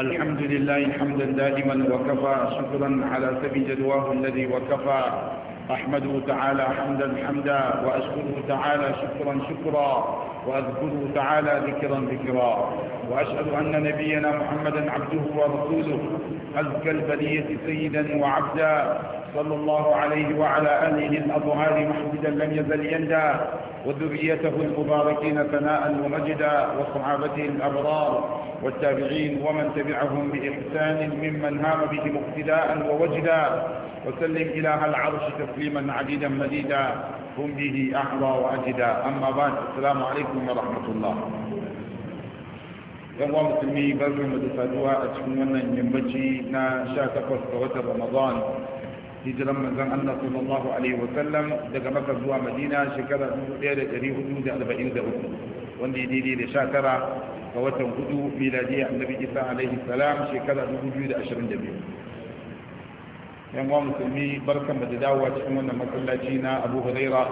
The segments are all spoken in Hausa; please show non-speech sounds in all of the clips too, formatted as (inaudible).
الحمد لله حمدا دائما وكفى شكرا على سبي جدواه الذي وكفى أحمده تعالى حمدا حمدا وأشكره تعالى شكرا شكرا وأذكره تعالى ذكرا ذكرا وأشهد أن نبينا محمدا عبده ورسوله أزكى البلية سيدا وعبدا صلى الله عليه وعلى آله الأطهار محمدا لم يزل يندى وذريته المباركين ثناء ومجدا وصحابته الأبرار والتابعين ومن تبعهم بإحسان ممن هام بهم اقتداء ووجدا وسلم إله العرش تسليما عديدا مديدا هم به أحظى وأجدى أما بعد السلام عليكم ورحمة الله yan uwa musulmi barkan mu da saduwa a cikin wannan yammaci na takwas ga watan Ramadan hijiran manzon Allah sallallahu alaihi wa sallam daga Makka zuwa Madina shekara 1443 wanda ya daidai da 19 ga watan 4 miladiyyar Annabi Isa alaihi salam shekara 2022 yan uwa musulmi barkan da dawowa cikin wannan masallaci na abu huraira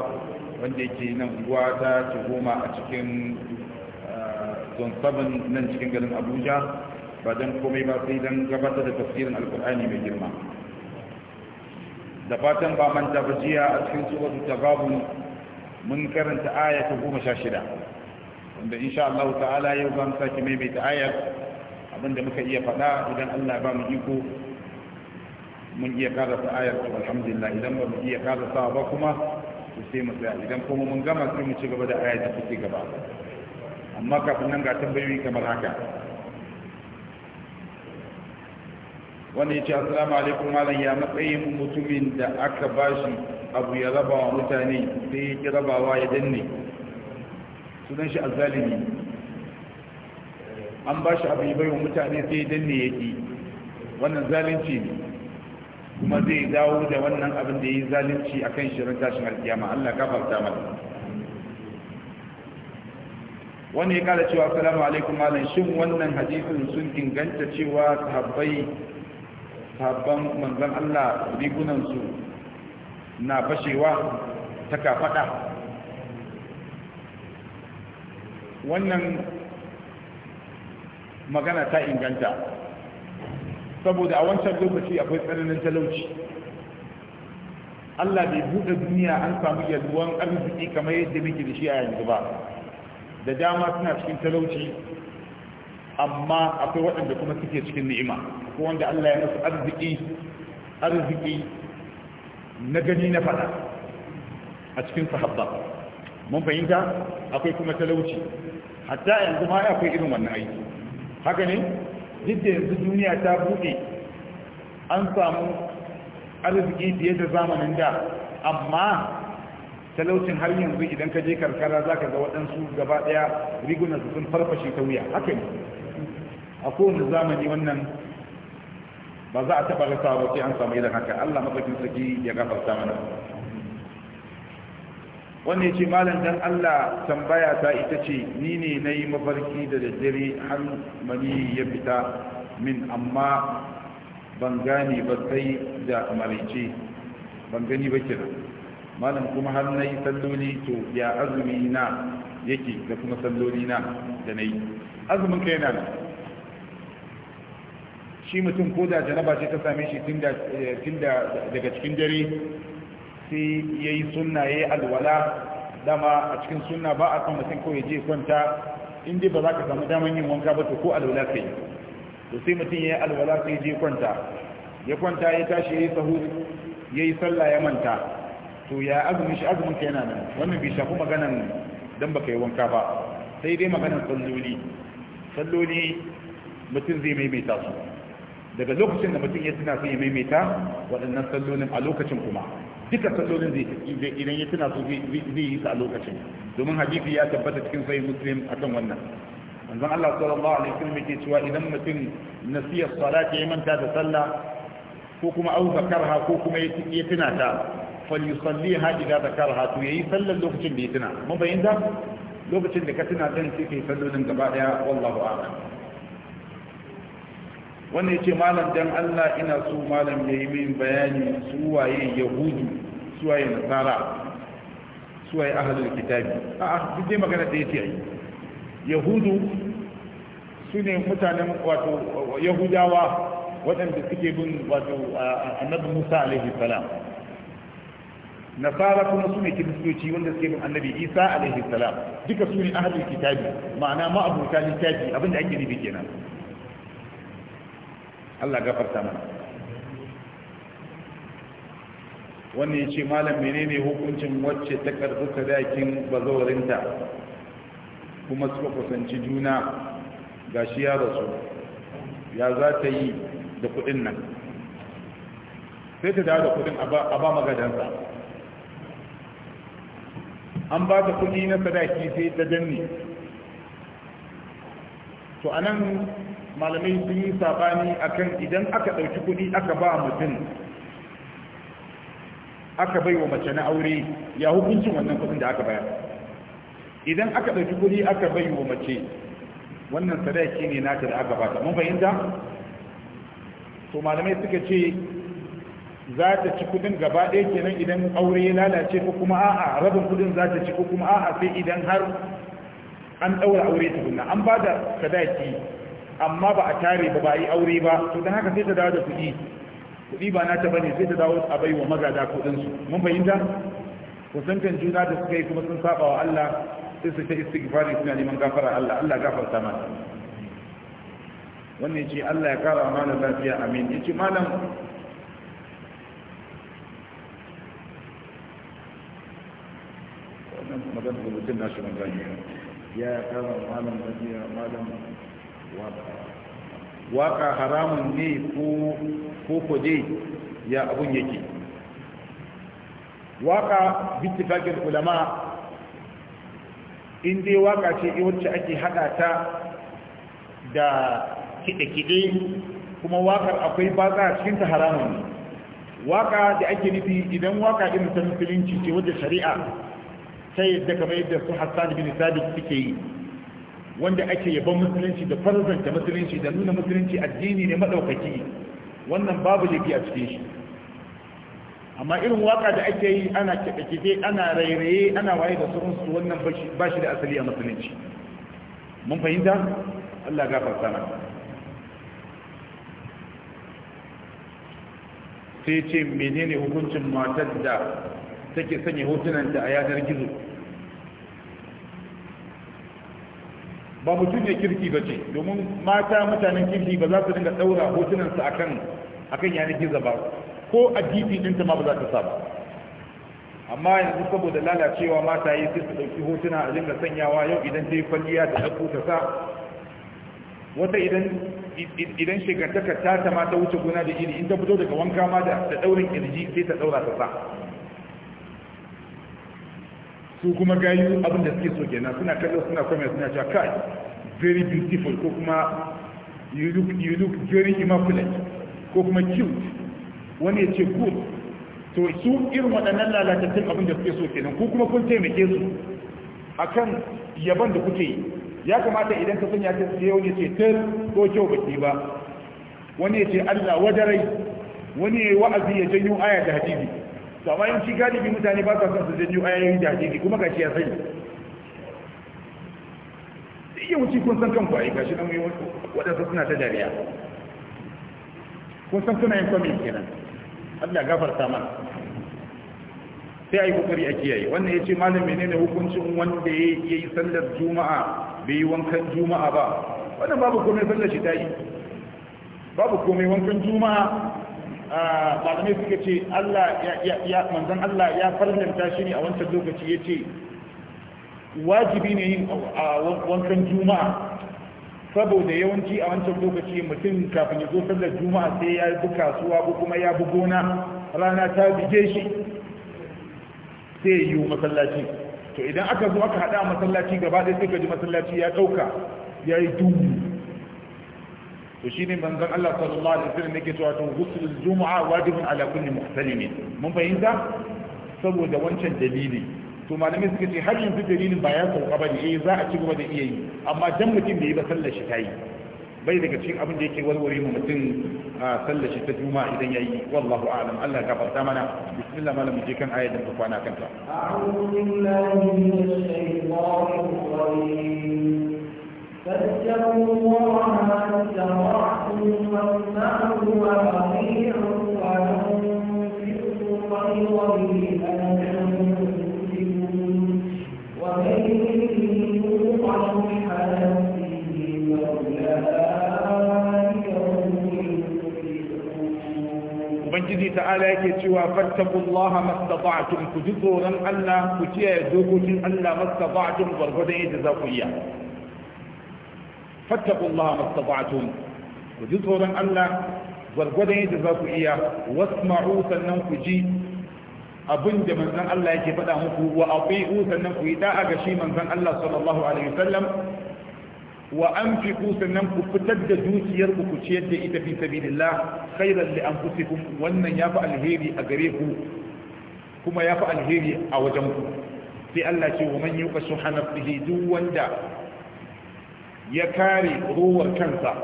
wanda yake nan unguwa ta tuhuma a cikin ah, zone 7 nan cikin garin abuja ba don komai ba sai don gabatar da tafsirin alkur'ani mai girma da fatan ba manta ba jiya a cikin suratu tagabun mun karanta aya ta goma sha shida wanda insha Allah ta'ala yau ba mu sake maimaita ayar abinda muka iya faɗa idan Allah ba mu iko mun iya karasa ayar to alhamdulillah idan ba mu iya karasa ba kuma to sai mu tsaya idan kuma mun gama sai mu ci gaba da ayar da take gaba amma kafin nan ga tambayoyi kamar haka wani ya ce assalamu alaikum malam ya matsayin mutumin da aka bashi abu ya raba wa mutane sai ya ki rabawa ya danne sunan shi azzalimi an bashi abu ya bai wa mutane sai ya danne ya ki wannan zalunci ne kuma zai dawo da wannan abin da ya yi zalunci a kan shirin tashin alkiyama Allah ka farta mata wani ya kada cewa salamu alaikum malam shin wannan hadisin sun inganta cewa sahabbai sahabban manzon Allah rigunansu na fashewa ta kafada wannan magana ta inganta saboda a wancan lokaci akwai tsananin talauci Allah bai buɗe duniya an samu yalwan arziki kamar yadda muke da shi a yanzu ba da dama suna cikin talauci amma akwai waɗanda kuma suke cikin ni'ima ko wanda Allah ya musu arziki arziki na gani na fada a cikin sahabba mun fahimta akwai kuma talauci hatta yanzu ma akwai irin wannan aiki haka ne duk da yanzu duniya ta buɗe an samu arziki fiye da zamanin da amma talaucin har yanzu idan ka je karkara za ka ga waɗansu gaba ɗaya riguna su sun farfashe ta wuya haka ne a kowane zamani wannan ba za a taɓa rasa ba sai an samu irin haka allah mafafin saki ya gafarta mana wanda ya ce malam dan Allah tambaya ta ita ce ni ne na yi mafarki da daddare har mani ya fita min amma ban gane ba sai da maraice ban gani ba kira malam kuma har na yi salloli to ya azumi na yake da kuma salloli na da na yi azumin kai na shi mutum ko da janaba ce ta same shi tun eh, daga cikin dare sai ya yi sunna ya yi alwala dama a cikin suna ba a kan mutum kawai je kwanta inda ba za ka samu daman yin wanka ba a ko alwala yi to sai mutum ya yi alwala sai je kwanta ya kwanta ya tashi ya yi sahu ya yi sallah ya manta to ya azumin shi azumin ka yana nan wannan bai shafi maganan dan baka yi wanka ba sai dai maganan salloli salloli mutum zai maimaita su daga lokacin da mutum ya tuna sai ya maimaita waɗannan sallolin a lokacin kuma duka sallolin zai idan ya tuna su zai yi su a lokacin domin hadisi ya tabbata cikin sahih muslim akan wannan manzon Allah sallallahu alaihi wasallam yake cewa idan mutum nasiya salati ya manta da sallah ko kuma au zakarha ko kuma ya tuna ta falyusalliha idza zakarha to yayi sallar lokacin da ya tuna mun bayyana lokacin da ka tuna din sai kai sallolin gaba daya wallahu a'lam wanda ce malam dan Allah ina so malam ya yi min bayani su waye yahudu su waye nasara su waye ahlul kitabi a a duk dai magana da yace ai yahudu sune mutanen wato yahudawa waɗanda suke bin wato annabi Musa alaihi salam nasara kuma su ne kiristoci wanda suke bin annabi isa alaihi salam duka su ne ahalin kitabi ma'ana ma'abuta littafi abinda ake nufi kenan Allah gafarta mana wannan ya ce malam menene hukuncin wacce ta karɓi sadakin bazawarinta kuma suka kusanci juna ga shi ya rasu ya za ta yi da kudin nan sai ta dawo da kudin a ba magadansa an ba ta kudi na sadaki sai ta danne to anan malamai sun yi sabani akan idan aka ɗauki kuɗi aka ba mutum aka bai wa mace na aure ya hukuncin wannan kudin da aka bayar idan aka ɗauki kuɗi aka bai wa mace wannan sadaki ne nata da aka bata mun fahimta to malamai suka ce za ta ci kuɗin gaba ɗaya kenan idan aure ya lalace ko kuma a'a rabin kuɗin za ta ci ko kuma a'a sai idan har an ɗaura aure tukunna an ba da sadaki amma ba a tare ba ba yi aure ba to don haka sai ta dawo da kuɗi kuɗi ba na nata bane sai ta dawo a bai wa magada kuɗin su mun fahimta kan juna da suka yi kuma sun saba wa Allah sai su ta istighfari suna neman gafara Allah Allah gafarta mana wannan ce Allah ya kara mana lafiya amin yace malam wannan magana da mutum nashi mun gani ya kara malam lafiya malam waka haramun ne ko kwaje ya abun yake waka bittifakin ulama in dai waka ce wacce ake hada ta da kide-kide kuma wakar akwai batsa ta haramun ne waka da ake nufi idan waka irin ta musulunci ce wadda shari'a ta yadda kamar yadda su hassan bin sabit suke yi wanda ake yaban musulunci da farzanta musulunci da nuna musulunci addini ne madaukaki wannan babu laifi a cikin shi amma irin waka da ake yi ana kiɗe-kiɗe ana rairaye ana waye da sauransu wannan ba shi da asali a musulunci mun fahimta Allah gafarta na sai ce menene hukuncin matar da take sanya hotunanta a yanar gizo ba mutum ne kirki ba ce domin mata mutanen kirki ba za su dinga ɗaura hotunansu akan akan yanar gizo ba ko a dp ma ba za ta sa ba amma yanzu saboda lalacewa mata yi sai su ɗauki hotuna a dinga sanyawa yau idan ta yi kwalliya da dauko ta sa wata idan idan shigantakar ta ta ma ta wuce gona da iri in ta fito daga wanka ma da ɗaurin kirji sai ta ɗaura ta sa su kuma gayu abin da suke so kenan suna kallo suna kwame suna cewa kai very beautiful ko kuma you look you look very immaculate ko kuma cute wani ya ce good to su irin waɗannan lalatattun abin da suke so kenan ko kuma kun taimake su akan yaban da kuke yi ya kamata idan ka sanya ta tsaye wani ce tar ko kyau ba ba wani ya ce Allah wadarai wani ya yi wa'azi ya janyo aya da hadisi to amma in shi galibi mutane ba sa son su janyo ayoyi da hadisi kuma gashi ya sai sai iya wuce kun san kanku ai gashi nan yawan wadansu suna ta dariya kun san suna yin kwamin kenan Allah gafarta mana sai a yi kokari a kiyaye wannan ya ce malam menene hukuncin wanda ya yi sallar juma'a bai yi wankan juma'a ba wannan babu komai sallar shi ta yi babu komai wankan juma'a malamai suka ce Allah ya manzon Allah ya farlanta shi ne a wancan lokaci ya ce wajibi ne yin wankan juma'a saboda yawanci a wancan lokaci mutum kafin ya zo sallar juma'a sai ya bi kasuwa ko kuma ya bi gona rana ta bige shi sai yi masallaci to idan aka zo aka hada masallaci gaba ɗaya sai ka ji masallaci ya ɗauka ya yi duhu to shi shine manzon Allah sallallahu alaihi wasallam yake cewa to ghusl juma'a wajibun ala kulli muhsalimin mun fahimta saboda wancan dalili to malamai suka ce har yanzu dalilin ba ya sauka bane eh za a ci gaba da iya yi amma dan mutum da yi ba sallar shi tayi bai daga cikin abin da yake warware mu mutum a sallar shi ta juma'a idan ya yi. wallahu a'lam Allah ka farta mana bismillah malam je kan ayatin da kwana kanta a'udhu billahi minash shaitanir rajim فاتقوا الله ما استطعتم واسمعوا واطيعوا وانفقوا خيرا لانفسكم ومن يوق شح نفسه فاولئك هم Ubangiji ta'ala yake cewa fattakullaha mastata'tum ku ji tsoron Allah ku kiyaye dokokin Allah mastata'tum gwargwadon yadda za ku iya fattaqullaha mastata'tum ku ji tsoron Allah gwargwadon yadda za ku iya wasma'u sannan ku ji abin da manzon Allah yake faɗa muku wa aqi'u sannan ku yi da'a ga shi manzon Allah sallallahu alaihi wasallam wa anfiqu sannan ku fitar da dukiyar ku ku ciyar da ita fi sabilillah khairan li anfusikum wannan yafi alheri a gare ku kuma yafi alheri a wajen ku sai Allah ce wa man yuqa shuha nafsihi duk wanda ya kare ruwar kansa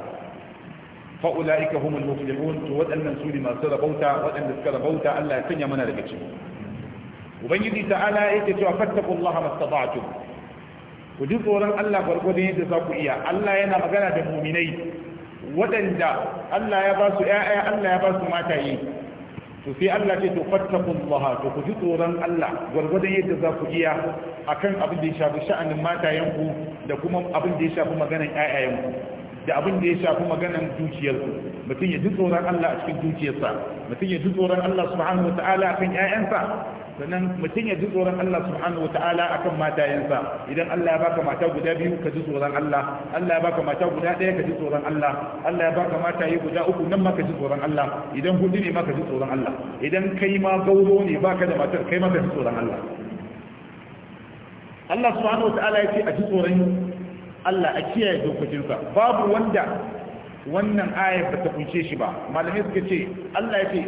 fa'ula'ika humul muflihun to waɗannan su ne masu rabauta waɗanda suka rabauta Allah ya sanya mana daga ciki ubangiji ta'ala yake cewa fattaqullaha mastata'tum ku ji tsoron Allah gwargwadon yadda za ku iya Allah yana magana da muminai waɗanda Allah ya ba su ‘ya'ya Allah ya ba su mataye to sai Allah ce to fattaqullaha to ku ji tsoron Allah gwargwadon yadda za ku iya akan abin da ya shafi sha'anin matayen ku da kuma abin da ya shafi maganar ƴaƴayen ku da abin da ya shafi maganan dukiyarsu mutum ya ji tsoron Allah a cikin dukiyarsa mutum ya ji tsoron Allah subhanahu wata'ala akan ƴaƴansa sannan mutum ya ji tsoron Allah subhanahu wata'ala akan matayensa idan Allah ya baka mata guda biyu ka ji tsoron Allah Allah ya baka mata guda ɗaya ka ji tsoron Allah Allah ya baka yi guda uku nan ma ka ji tsoron Allah idan hudu ne ma ka ji tsoron Allah idan kai ma gauro ne baka da matar kai ma ka ji tsoron Allah Allah subhanahu wata'ala ya ce a ji tsoron Allah a kiyaye dokokinsa babu wanda wannan aya ba ta kunshe shi ba malamai suka ce Allah ya ce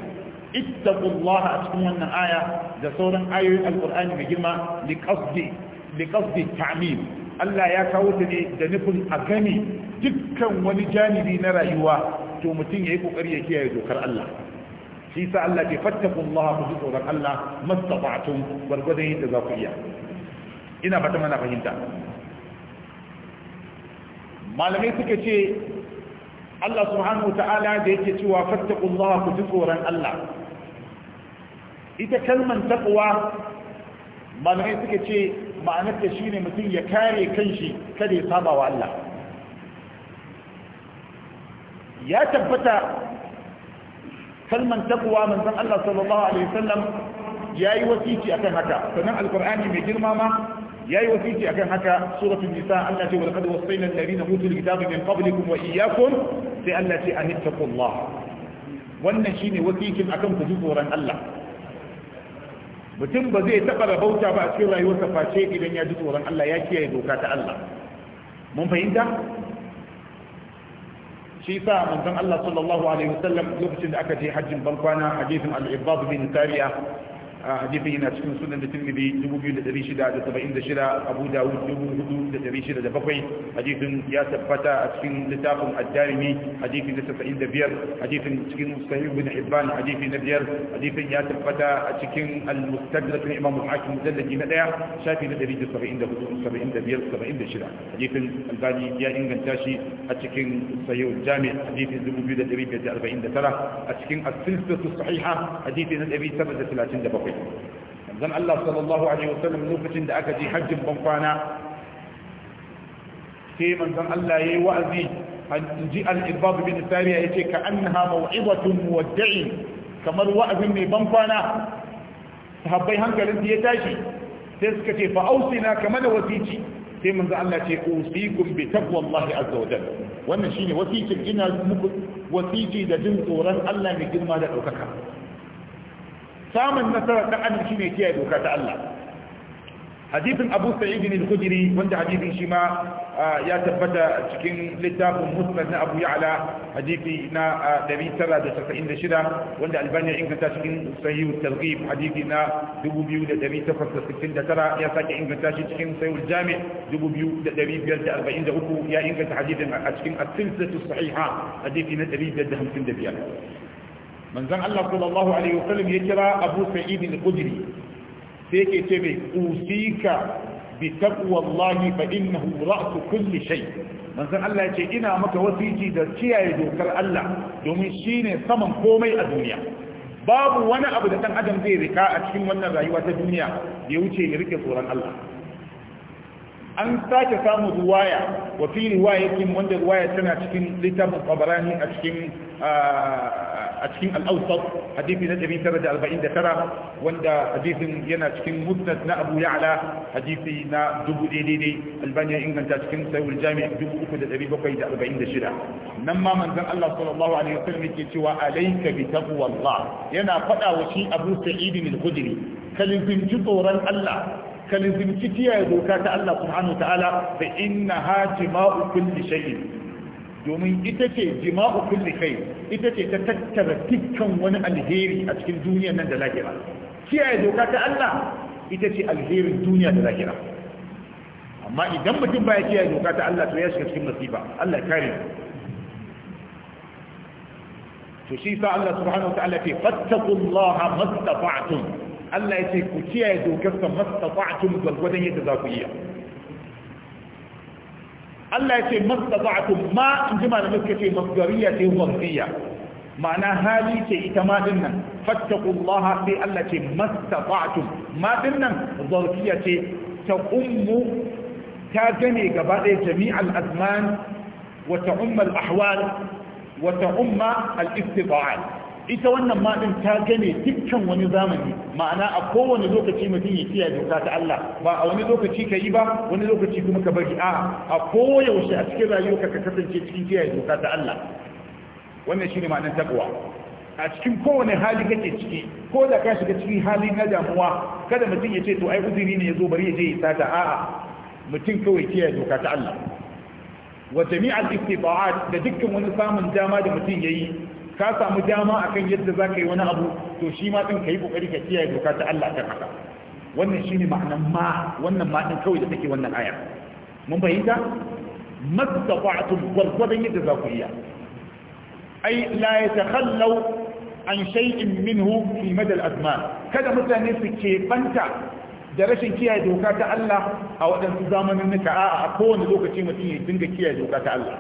ittaqullaha a cikin wannan aya da sauran ayoyin alqur'ani mai girma li qasdi li qasdi ta'mim Allah ya kawo ta ne da nufin a gani dukkan wani janibi na rayuwa to mutum yayi kokari ya kiyaye dokar Allah shi sa Allah ke fattakullaha ku ji tsoron Allah mastata'tum gwargwadon yadda za ku iya ina fata mana fahimta malamai suka ce Allah subhanahu ta'ala da yake cewa fattaqullaha ku ji tsoron Allah ita kalman taqwa malamai suka ce ma'anarta shine mutum ya kare kanshi kada ya saba wa Allah ya tabbata kalman taqwa manzon Allah sallallahu alaihi wasallam yayi wasiki akan haka sannan alqur'ani mai girma ma yayi wasiki akan haka suratul nisa Allah ce walqad wasayna alladhina utul kitaba min qablikum wa iyyakum sai Allah ce an ittaqullah wannan shine wasikin akan ku ji tsoron Allah mutum ba zai taba rabauta ba a cikin rayuwarsa face idan ya ji tsoron Allah ya kiyaye doka ta Allah mun fahimta shi sa manzon Allah sallallahu alaihi wasallam lokacin da aka je hajjin bankwana hadisin al-Ibad bin Tariya A hadifin yana cikin sunan da tirmidhi 2676 abu dawud 4607 hadifin ya tabbata a cikin littafin ad-darimi hadisin da 75 hadifin cikin sahih ibn hibban hadifin na biyar hadifin ya tabbata a cikin al-mustadrak na imam al-hakim mujalladi na daya shafi na 174 hadisin albani ya inganta shi a cikin sahih jami' hadisin 2549 a cikin as-silsilatu sahiha hadisin na 737 bakwai manzon Allah sallallahu alaihi wasallam lokacin da aka je hajjin ban kwana sai manzon Allah yi wa'azi an ji al-ibab bin sariya yace ka annaha maw'izatun muwaddi'in kamar wa'azin mai ban kwana habbai hankalin ya tashi sai suka ce fa ausina kama da wasici sai manzo Allah ce usikum bi taqwallahi azza wa jalla wannan shine wasicin ina muku wasici da jin tsoron Allah mai girma da daukaka samun nasara ta shi ne kiyaye doka ta Allah hadifin Abu Sa'id al-Khudri wanda hadifin shi ma ya tabbata cikin littafin Musnad na Abu Ya'la hadithi na 996 wanda Albani inganta cikin Sahih al-Targhib hadithi na 2869 ya sake inganta shi cikin Sahih al-Jami' 2543 ya inganta hadifin a cikin As-Silsilatu Sahiha hadithi na 555 manzon Allah sallallahu alaihi wasallam ya kira Abu Sa'id kudiri sai yake ce mai usika bi taqwallahi fa innahu ra'su kulli shay manzon Allah ya ce ina maka wasiji da kiyaye dokar Allah domin shine saman komai a duniya babu wani abu da dan adam zai rika a cikin wannan rayuwa ta duniya da ya wuce ya rike tsoron Allah an sake samu ruwaya wa fi riwayatin wanda ruwaya tana cikin littafin tabarani a cikin ah, a cikin al-awsat na 949 wanda hadisin yana cikin musnad na Abu Ya'la hadisi na 1000 albani inganta cikin sahih jami 3746 nan ma manzon Allah sallallahu alaihi wasallam yake cewa alayka bi taqwallah yana fada wa shi Abu Sa'id al-Khudri kalifin tsoron Allah kalifin kiyaye doka ta Allah subhanahu wa ta'ala fa innaha jima'u kulli shay'in domin ita ce jima'u kulli kai ita ce ta tattara dukkan wani alheri a cikin duniyar nan da lahira kiyaye doka ta Allah ita ce alherin duniya da lahira amma idan mutum baya kiyaye doka ta Allah to ya shiga cikin masifa Allah kare to shi sa Allah subhanahu wa ta'ala ce fattaqullaha mastata'tum Allah ya ce ku kiyaye dokar sa mastata'tum gwargwadon yadda za ku iya Allah ya ce mastata'tum ma in ji malamai suka ce masdariya ce zarfiya ma'ana hali ce ita ma din nan fattaqullaha sai Allah ce mastata'tum ma din nan zarfiya ce ta ummu ta gane gaba ɗaya jami'al azman wa ta umma al ahwal wa ta umma al istita'at ita wannan maɗin ta gane dukkan wani zamani ma'ana a kowane lokaci mutum ya kiyaye doka ta Allah ba a wani lokaci ka yi ba wani lokaci kuma ka bari a a koyaushe a cikin rayuwa ka kasance cikin kiyaye doka ta Allah wannan shi ne ma'anar takwa a cikin kowane hali kake ciki ko da ka shiga cikin hali na damuwa kada mutum ya ce to ai uzuri ne ya zo bari ya je ya sata a'a mutum kawai kiyaye doka ta Allah wa jami'al istita'at da dukkan wani samun dama da mutum yayi ka samu dama akan yadda za ka yi wani abu to shi ma ɗin ka yi ƙoƙari ka kiyaye doka ta Allah ta haka wannan shi ne ma'anan ma wannan ma ɗin kawai da take wannan aya mun fahimta mastata'tum gwargwadon yadda za ku iya ai la yatakhallaw an shay'in minhu fi madal azman kada mutane su ke banta da rashin kiyaye doka ta Allah a waɗansu zamanin nuka a kowane lokaci mutum ya dinga kiyaye doka ta Allah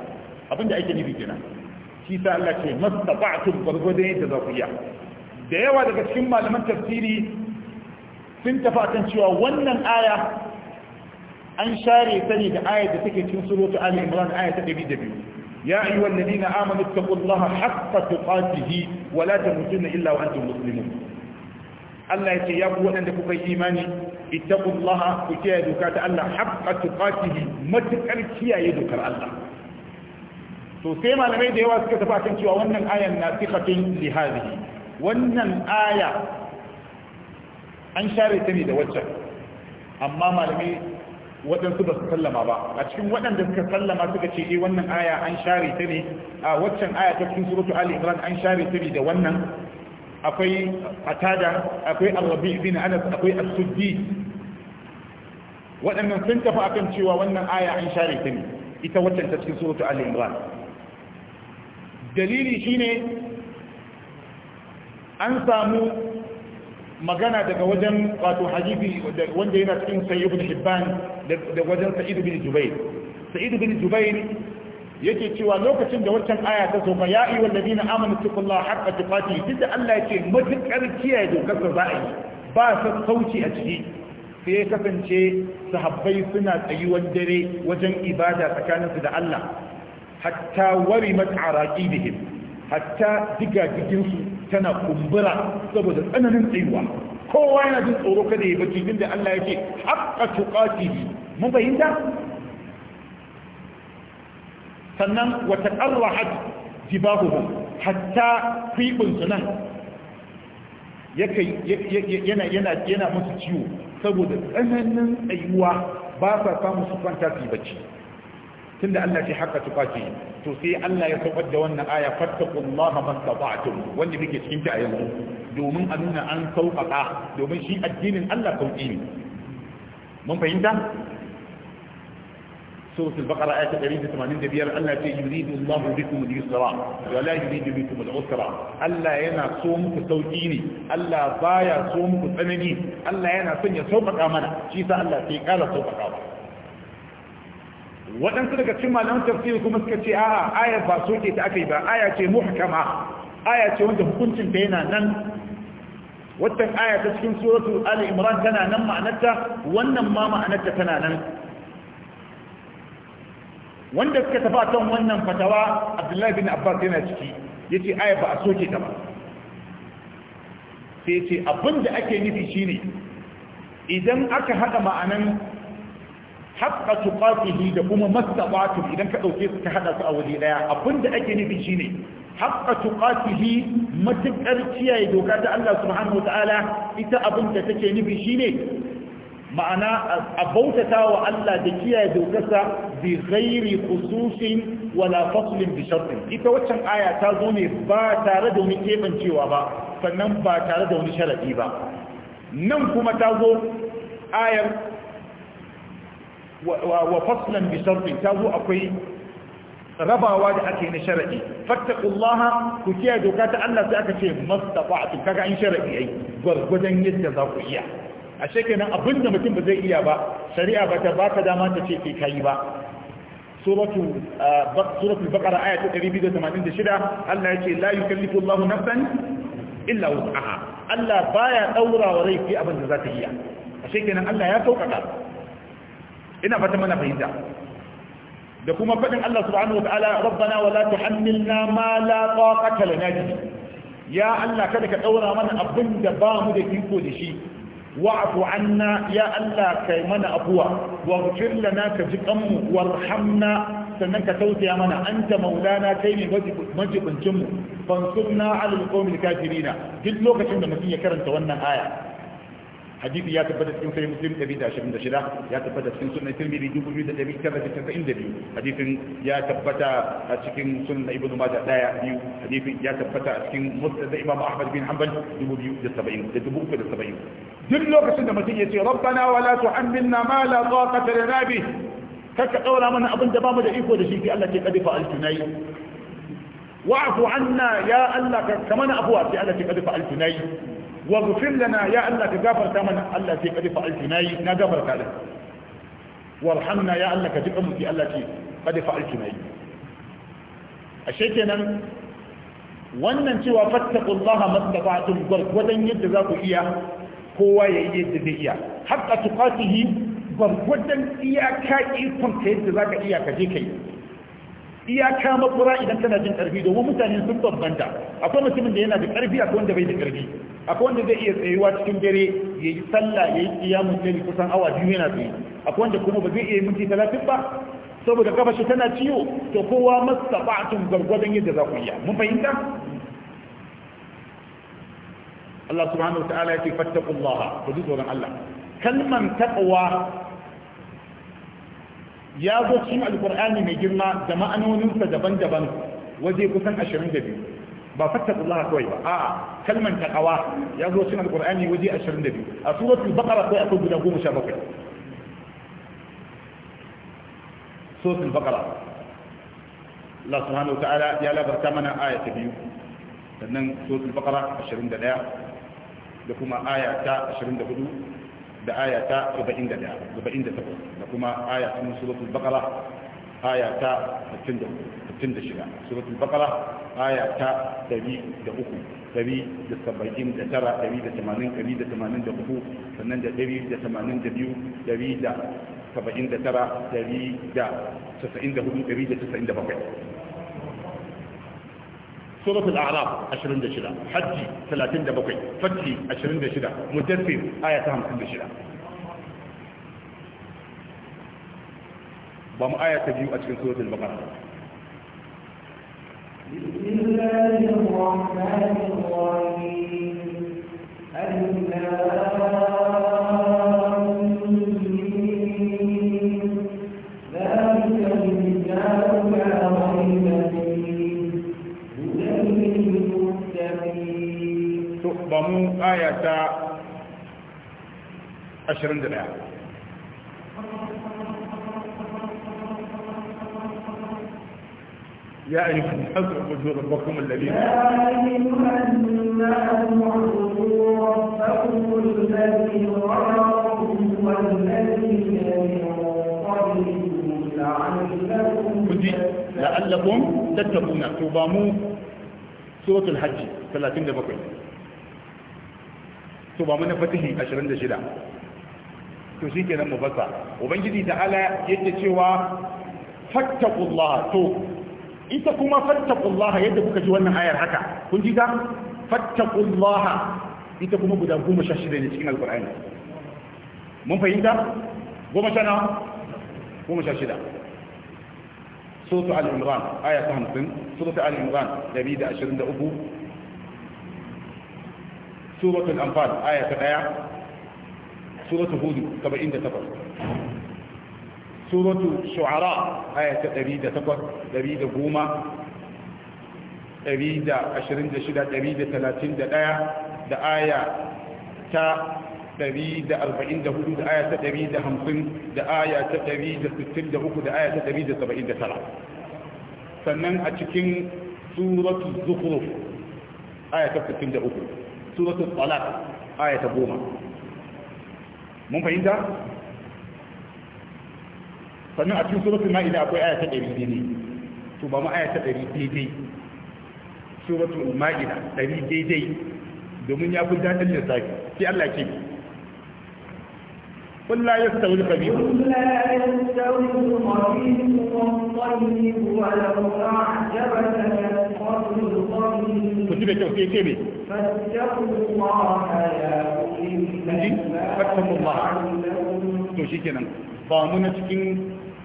abinda ake nufi kenan shi ta Allah tun farko da yadda da yawa daga cikin malaman tafsiri sun tafa kan cewa wannan aya an share ta ne da aya da take cikin surutu ali imran aya ta ɗabi da biyu ya yi wannan nina amanu ta kullaha haka ta kwafihi wala ta mutum illa wa antum ya ce ya waɗanda kuka yi imani ita kullaha ku kiyaye doka ta Allah haka ta kwafihi matuƙar kiyaye dokar Allah to sai malamai da yawa suka tafi kan cewa wannan ayan na li hadhihi wannan aya an share ta ne da waccan amma malamai waɗansu ba su sallama ba a cikin waɗanda suka sallama suka ce eh wannan aya an share ta ne a waccan aya ta cikin suratu ali imran an share ta ne da wannan akwai atada akwai arabi bin anas akwai as-suddi waɗannan sun tafi akan cewa wannan aya an share ta ne ita waccan ta cikin suratu ali imran dalili shine an samu magana daga wajen wato hadisi wanda yana cikin sayyid ibn hibban da wajen sa'id ibn jubair sa'id ibn jubair yake cewa lokacin da wancan aya ta zo ya ayi wallazina amanu taqullaha haqqa tuqatih duk Allah yake matukar kiyaye dokar da za a yi ba sassauci a ciki sai ya kasance sahabbai suna tsayuwar dare wajen ibada tsakaninsu da Allah hatta wari warimat araqibihim hatta digagigin su tana kumbura saboda tsananin tsayuwa kowa yana jin tsoro kada ya din inda Allah yake haqqa tuqatihi mun bayinda sannan wa taqarrahat jibahuhum hatta fiqun sunan yake yana yana yana musu ciwo saboda tsananin tsayuwa ba sa samu su kwanta su bacci tunda Allah shi haka tukaci to sai Allah ya saukar da wannan aya fattaqullaha mastata'tum wanda muke cikin ta a yanzu domin a nuna an sauƙaƙa domin shi addinin Allah sauki ne mun fahimta سورة البقرة آية 185 ألا يريد الله بكم اليسرى ولا يريد بكم العسرى ألا ينا صومك سوتيني ألا ضايا صومك ثمني ألا ينا سنيا صومك Allah شيسا ألا تيقال صومك أمنا waɗansu daga cikin malaman tafsiri kuma suka ce a'a aya ba soke ta aka yi ba aya ce muhkama aya ce wanda hukuncin ta yana nan wata aya ta cikin suratul ali imran tana nan ma'anarta wannan ma ma'anarta tana nan wanda suka tafi kan wannan fatawa abdullahi bin abbas yana ciki yace aya ba a soke ta ba sai ce abinda ake nufi shine idan aka hada ma'anan haqqa tuqatihi da kuma mastata'tu idan ka ɗauke su ka haɗa su a waje daya abinda ake nufi shine haqqa tuqatihi matuƙar kiyaye doka ta Allah subhanahu wataala ita abinda take nufi shine ma'ana a bautata wa Allah da kiyaye dokarsa bi ghairi khususin wala faslin bi shartin ita waccan aya ta zo ne ba tare da wani kebancewa ba sannan ba tare da wani sharadi ba nan kuma ta zo ayar wa faslan bi sharti akwai rabawa da ake na shar'i fattaqullaha ku kiyaye doka ta Allah sai aka ce mastata'tu kaga in shar'i ai gurgudan yadda za ku iya a shekenan abinda mutum ba zai iya ba shari'a ba ta baka dama ta ce sai kai ba suratu suratul baqara aya ta 286 Allah yace la yukallifu Allahu nafsan illa wus'aha Allah baya daura wa rai fi abin da za ta iya a shekenan Allah ya saukaka ina fata mana fahimta da kuma faɗin Allah subhanahu wa ta'ala rabbana wa la tuhammilna ma la taqata lana ya Allah kada ka daura mana abin da ba mu da iko da shi wa'fu anna ya Allah kai mana afuwa waghfir lana ka ji kanmu warhamna sannan ka tausaya mana anta maulana kai ne majibincin mu fansurna alal qawmil kafirin duk lokacin da mutum ya karanta wannan aya hadisi ya tabbata cikin sahih muslim 126 ya tabbata cikin sunan tirmidhi 2992 hadisin ya tabbata a cikin sunan ibnu majah daya biyu hadisin ya tabbata cikin musnad imam ahmad bin hanbal 270 da 370 duk lokacin da mutum ya ce rabbana wala tuhammilna ma la taqata lana bih kaka daura mana abin da bamu da iko da shi sai Allah ke kadifa altunai wa'fu anna ya Allah kamana abuwa sai Allah ke kadifa altunai wa ghfir lana ya Allah ka gafarta mana Allah ce kadi fa'altu nayi na gafarta da warhamna ya Allah ka jikan mu ki Allah ce kadi fa'altu nayi ashe kenan wannan cewa fattaqullaha mastata'tum gwargwadon yadda za ku iya kowa ya yi yadda zai iya haqqa tuqatihi gwadan iyaka ikon ka yadda za ka iya ka je kai iyaka makura idan kana jin karfi domin mutane sun bambanta akwai mutumin da yana da karfi akwai wanda bai da karfi akwai wanda zai iya tsayuwa cikin dare ya yi sallah ya yi kiyamun dare kusan awa biyu yana tsaye akwai wanda kuma ba zai iya minti talatin ba saboda kafa shi tana ciwo to kowa mastaba'atun gargwadon yadda za ku iya mun fahimta Allah subhanahu wata'ala ya ce fattakullaha ku ji tsoron Allah kalman taqwa ya zo cikin alqur'ani mai girma da ma'anoninsa daban-daban waje kusan 22 ba fattaqullaha kawai ba a kalman takawa ya zo cikin alqur'ani waje 22 a suratul baqara sai akwai guda 17 suratul baqara Allah subhanahu wa ya labarta mana aya ta biyu sannan suratul baqara 21 da kuma aya ta 24 da aya ta 41 da kuma aya ta suratul baqara آية تاء التند الشجاع سورة البقرة آية تاء تبي دقوق تبي دسبعين دترى تبي دثمانين تبي دثمانين دقوق فنن تبي دثمانين تبيو تبي دا سبعين دترى تبي دا تسعين دهون تبي تسعين دبقة سورة الأعراف عشرين دشلا حج ثلاثين دبقة فتح عشرين دشلا مدثر آية تهم عشرين دشلا ba mu aya ta biyu a cikin suratul baqara bismillahir rahmanir rahim al-lam mu aya ta 21 يا أيها الناس اعبدوا ربكم الذي يا أيها الناس ربكم الذي لعلكم تتقون توبامو سورة الحج 37 توبامو نفتحي 26 to shi kenan mu fasa ubangiji ta'ala yake cewa fattakullah to ita kuma fattaqullaha yadda kuka ji wannan ayar haka kun ji ga fattaqullaha ita kuma guda goma sha shida ne cikin alqur'ani mun fahimta goma sha na goma sha shida ta سورة آل عمران da ashirin da uku, عمران دبيدة aya ta الأنفال آية hudu سورة da 78 suratu shu'ara aya ta 108 126 131 da aya ta 144 da aya ta 150 da aya ta 163 da aya ta 179 sannan a cikin suratu zukhruf aya ta 63 suratu talaq aya ta 10 mun fahimta sannan a cikin suratul ma'ida akwai aya ta to ba mu aya ta daidai suratul ma'ida 100 daidai domin ya fi daɗin lissafi sai Allah ke قل لا يستوي الخبيث قل لا يستوي الخبيث والطيب ولو أعجبك كثرة الخبيث فاتقوا الله يا أولي الألباب فاتقوا الله to shi kenan ba na cikin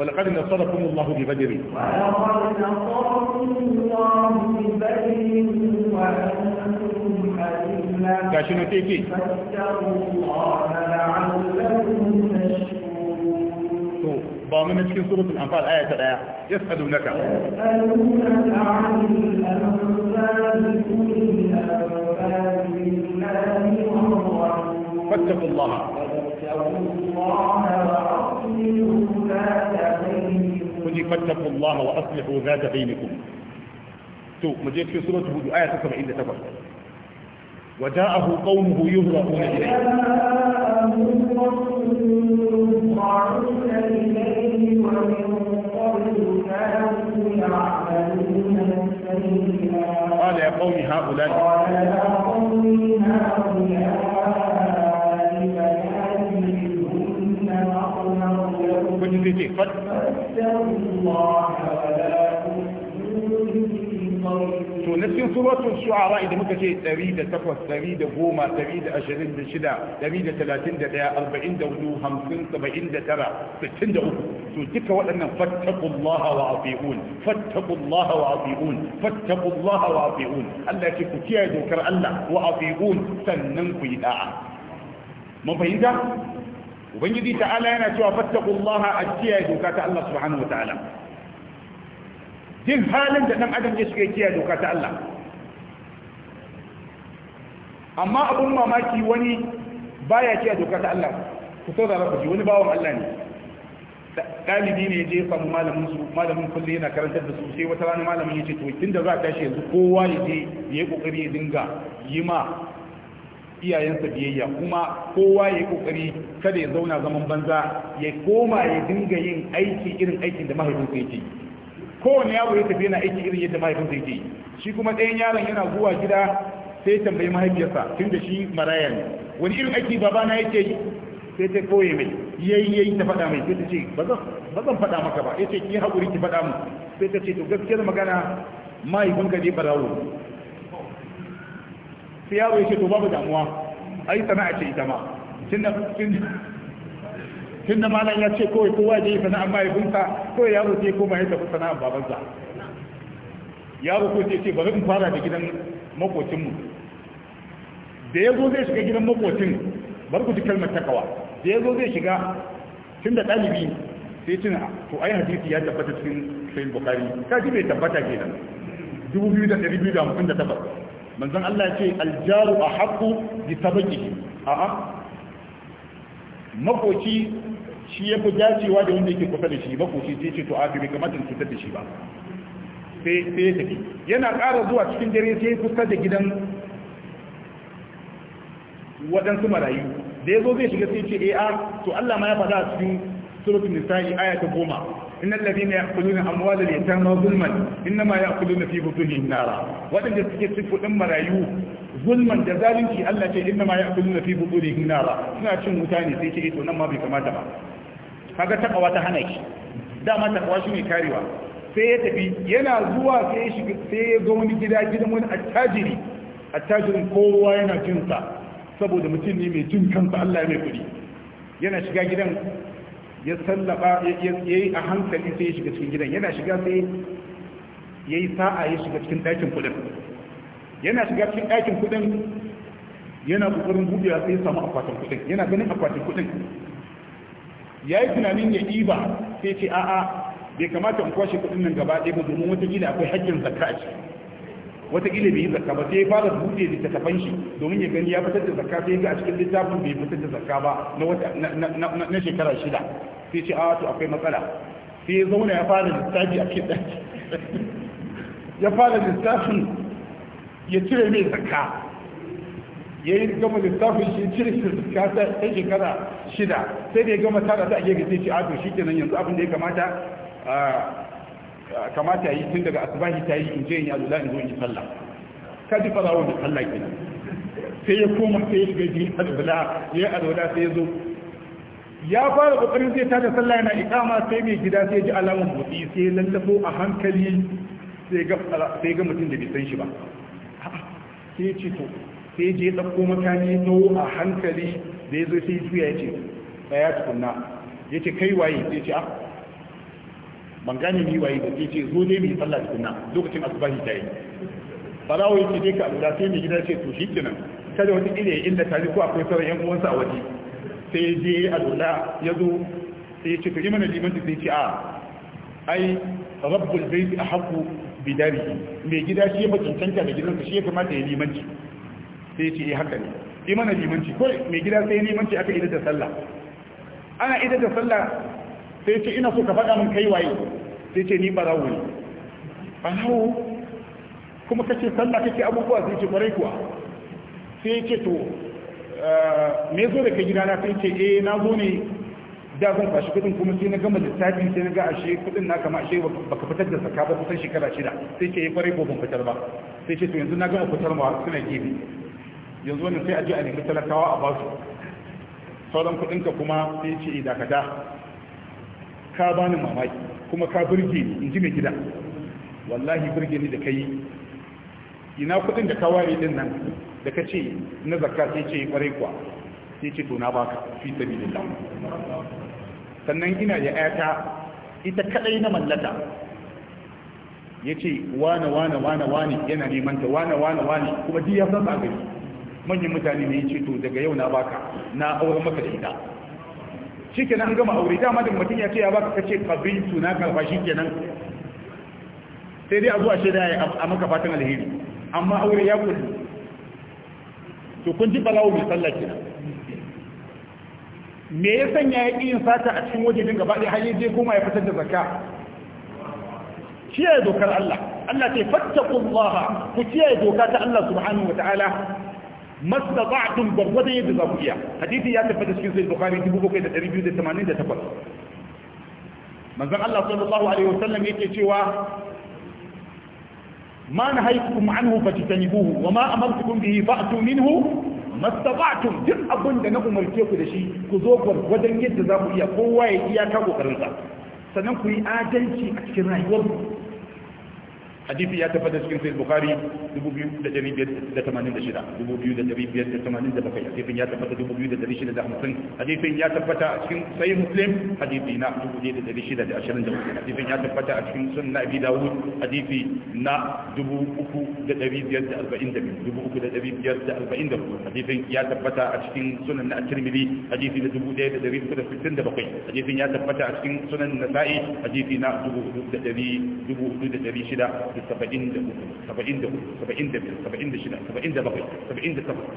ولقد نصركم الله ببدر ولقد نصركم الله ببدر وأنتم بعض من يمكن سورة الأنفال آية الآية يسأل لك فاتقوا الله فاتقوا الله وأطيعوا كجي فاتقوا الله وأصلحوا ذات بينكم تو مجيك في سورة هود آية 78 وجاءه قومه يهرؤون إليه قال يا قوم هؤلاء قال يا قوم هؤلاء يجي to na cikin suratul shu'ara idan muka ce 108 110 126 131 44 50 79 63 to duka waɗannan fattaqullaha wa atiun fattaqullaha wa atiun fattaqullaha wa atiun Allah ya ce ku kiyaye dokar Allah wa atiun sannan ku yi da'a mun fahimta ubangiji ta'ala yana cewa fattaqullaha a kiyaye doka ta Allah subhanahu wataala jin halin da dan adam ya shiga kiyaye doka ta Allah amma abun mamaki wani baya kiyaye doka ta Allah ku so da ku wani bawan Allah ne dalibi ne je samu malamin su malamin kulle yana karantar da su sai wata rana malamin ya ce to da za a tashi yanzu kowa ya je yayi kokari ya dinga yi ma iyayensa biyayya kuma kowa ya kokari kada ya zauna zaman banza ya koma ya dinga yin aiki irin aikin da mahaifinsa yake kowane yaro ya tafi yana aiki irin yadda mahaifinsa yake shi kuma ɗayan yaron yana zuwa gida sai ya tambayi mahaifiyarsa tun da shi maraya ne wani irin aiki babana yake yi sai ta koye mai yayi yayi ta faɗa mai sai ta ce ba zan faɗa maka ba ce ki haƙuri ki faɗa mu sai ta ce to gaskiyar magana mahaifinka ne barawo sai yaro ya ce to babu damuwa ai sana'a ce ita ma tunda malam ya ce kawai kowa je sana'a mahaifinsa kawai yaro sai koma ya tafi sana'a babansa yaro ko sai ce bari in fara da gidan makocinmu da ya zo zai shiga gidan makocin bar ku ji kalmar takawa da ya zo zai shiga tun da ɗalibi sai tuna to ai hadisi ya tabbata cikin sayin bukari ji bai tabbata kenan tabbata manzon Allah ya ce aljaru a haƙu bi sabaki a'a makoci shi ya fi dacewa da wanda yake kusa da shi makoci sai ce to a fi kamata in cutar da shi ba sai ya tafi yana ƙara zuwa cikin dare sai kusa da gidan waɗansu marayu da ya zo zai shiga sai ce eh, a to Allah ma ya faɗa a cikin surutun nisa'i aya ta goma إن الذين يأكلون أموال اليتامى ظلما إنما يأكلون في بطونهم نارا وإن تكتب أم رايو ظلما جزالنتي الله شيء إنما يأكلون في بطونهم نارا سنة شن متاني سيشي إيتو بك ما دما هذا تقوى تهنيش دama takawa shi ne karewa sai ya tafi yana zuwa sai ya shiga wani gida gidan wani attajiri attajirin kowa yana cinsa saboda mutum ne mai cin kansa Allah mai kuɗi yana shiga gidan ya sallaba ya yi a hankali sai ya shiga cikin gidan yana shiga sai ya yi sa'a ya shiga cikin ɗakin kudin yana shiga cikin ɗakin kudin yana ƙoƙarin buɗewa sai ya samu akwatin kudin yana ganin akwatin kudin ya yi tunanin ya ɗiba sai ce a'a bai kamata in kwashe kudin nan gaba ɗaya ba domin wata gida akwai haƙƙin zakka a ciki wataƙila bai yi zakka ba sai ya fara buɗe littattafan shi domin ya gani ya fitar da zakka sai ga a cikin littafin bai fitar da zakka ba na wata na shekara shida sai ce a to akwai matsala sai ya zauna ya fara lissafi a cikin ɗaki (laughs) ya fara littafin ya cire mai zakka ya yi gama littafin shi cire zakka ta shekara shida sai da ya gama tara ta a gefe sai ce a to shi kenan yanzu abin da ya kamata kamata yi tun daga asibahi ta yi in je in yi alula in zo in yi sallah ka ji fara da sallah ke sai ya koma sai ya shiga jini alula ya yi alula sai ya zo ya fara kokarin zai tada sallah yana ikama sai mai gida sai ji alamun buɗi sai ya lallafo a hankali sai ga mutum da bai san shi ba sai ya ce to sai je ɗauko makami ɗau a hankali da ya zo sai juya ya ce ɗaya tukunna ya ce kai waye ya ce ah ban gane ni waye da ce zo dai mu mai sallah tukunna lokacin asubahi ta yi farawo yake dai ka lura sai mai gida ce to shi kenan kada wata ile ya inda tare ko akwai sauran yan uwansa a waje sai ya je a dola ya zo sai ya ce to imana limanci sai ce a ai rabbul baiti ahqqu bi darihi mai gida shi ya cancanta da gidansa shi ya kamata ya limanci sai ya ce eh haka ne imana limanci ko mai gida sai limanci aka idar da sallah ana idar da sallah sai ce ina so ka faɗa min kai waye sai ce ni barawo ne barawo kuma kace sallah kake abubuwa sai ce kwarai kuwa sai ce to eh, me zo da kai gidana sai ce eh na zo ne da zan kwashi kudin kuma sai na gama lissafi sai na ga ashe kudin na kama ashe baka fitar da saka ba kusan shekara shida sai ce eh kwarai ko ban fitar ba sai ce to yanzu na gama fitar ma suna gefe yanzu wannan sai a je a nemi talakawa a basu sauran kudinka kuma sai ce eh, dakata ka bani mamaki kuma ka burge ni in ji mai gida wallahi burge ni da kai ina kudin da ka ware din nan da ka ce na zakka sai ce kwarai kuwa sai ce to na baka fi sabilillah sannan ina da ayata ita kadai na mallaka yace wane wane wane wane yana neman ta wane wane wane kuma duk ya san ba manyan mutane ne yace to daga yau na baka na aure maka da ita shi kenan an gama aure dama da mutum ya ce ya ka kace kabintu na karfa shi kenan sai dai a zuwa shaida ya a maka fatan alheri amma aure ya kudu to kun ji balawo mai sallah kenan me ya sanya ya ƙi yin sata a cikin waje din gaba ɗaya har yaje kuma ya fitar da zakka kiyaye dokar Allah Allah ce fattaqullaha ku kiyaye doka ta Allah subhanahu wataala tun gwargwadon yadda za ku iya hadisi ya da cikin dubu da da ɗari biyu tamanin da takwas. manzon Allah sallallahu alaihi wasallam yake cewa ma nahaytukum anhu fatanibuhu wa ma amartukum bihi ba fa'tu minhu mastata'tum duk abin da na umarce ku da shi ku zo gwargwadon yadda za ku iya kowa ya iya kokarin sa sannan ku yi adalci a cikin rayuwarku hadisi ya tabbata cikin sahih bukhari 2586 hadisin ya tabbata 2650 hadisin ya tabbata a cikin sahih muslim hadisi na 2623 hadisin ya tabbata a cikin sunna abi dawud hadisi na 3542 hadisin ya tabbata a cikin sunan at-tirmidhi hadisi na 1667 hadisin ya tabbata a cikin sunan nasa'i hadisi na 4600 da saba'in da uku saba'in da uku saba'in da biyu saba'in da shida saba'in da bakwai saba'in da takwas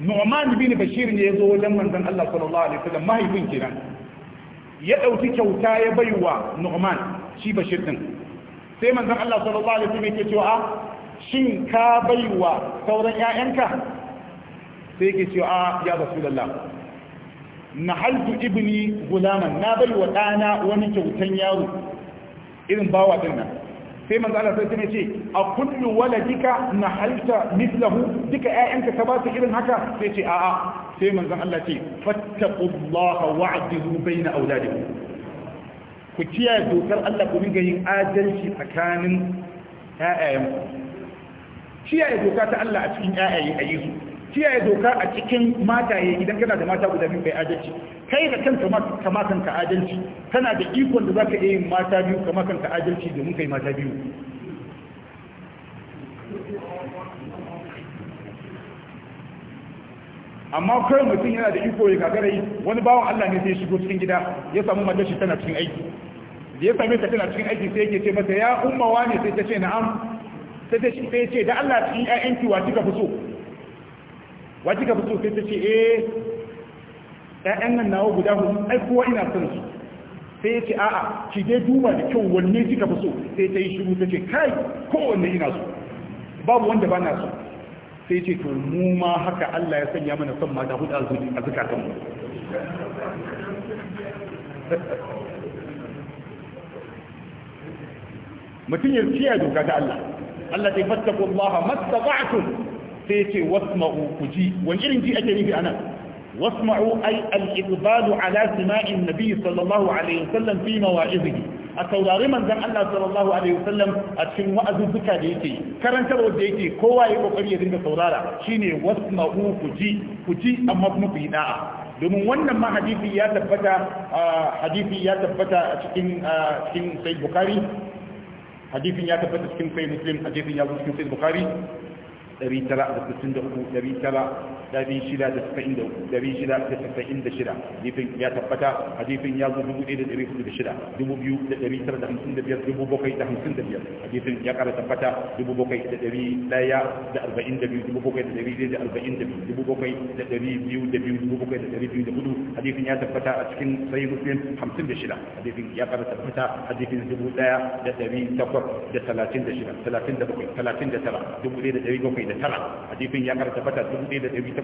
nu'man bin bashir ne yazo wajen manzon Allah sallallahu alaihi wasallam mahaifin kenan ya ɗauki kyauta ya baiwa nu'man shi bashir din sai manzon Allah sallallahu alaihi wasallam yake cewa ah, shin ka baiwa sauran ƴaƴanka sai yake cewa ah, ya rasulullah nahaltu ibni gulaman na baiwa ɗana wani kyautan yaro irin bawa din nan sai manzo Allah sai ya ce a kullu waladika nahalta mithlahu duka ƴaƴanka ta ba su irin haka sai ce a'a sai manzon Allah ce fattaqullaha wa'dilu baina auladikum ku kiyaye dokar Allah ku ringa yin adalci tsakanin ƴaƴayenku kiyaye doka ta Allah a cikin ƴaƴaye a yi su kiyaye doka a cikin mataye idan kana da mata guda biyu kai adalci kai da kanka kama kanka adalci kana da ikon da zaka iya yin mata biyu kama kanka adalci domin kai mata biyu amma kawai mutum yana da iko ya gagara yi wani bawan Allah ne sai shigo cikin gida ya samu matar tana cikin aiki da ya same ta tana cikin aiki sai yake ce mata ya umma wani sai ta ce na'am sai ta ce da Allah cikin ƴaƴanki wa kika fi so wajen ka fito sai ta ce eh ɗayan nan nawa guda hudu ai kowa ina son su sai ya ce a'a ki dai duba da kyau wanne kika fi so sai ta yi shiru ta ce kai kowanne ina so babu wanda ba na so sai ce to mu ma haka Allah ya sanya mana son mata hudu a zukatan mu mutum ya ciya doka ta Allah Allah ta yi fattakullaha tun. sai ce wasma'u ku ji wani irin ji ake nufi anan wasma'u ai al-iqbalu ala sima'in nabi sallallahu alaihi wasallam fi mawa'izihi a saurari manzon Allah sallallahu alaihi wasallam a cikin wa'azuzzuka da yake karantarwa da yake kowa ya kokari ya dinga saurara shine wasma'u ku ji ku ji amma kuma ku yi da'a domin wannan ma hadisi ya tabbata hadisi ya tabbata a cikin cikin sai bukhari hadisin ya tabbata cikin sai muslim hadisin ya zo cikin sai bukhari 963 900 696 ya tabbata hadithin ya zo 1406 2955 ya kara tabbata 7142 hadithin ya tabbata a cikin sahih muslim 56 hadithin ya kara tabbata hadithin 1836 39 1709 hadithin ya kara tabbata 1800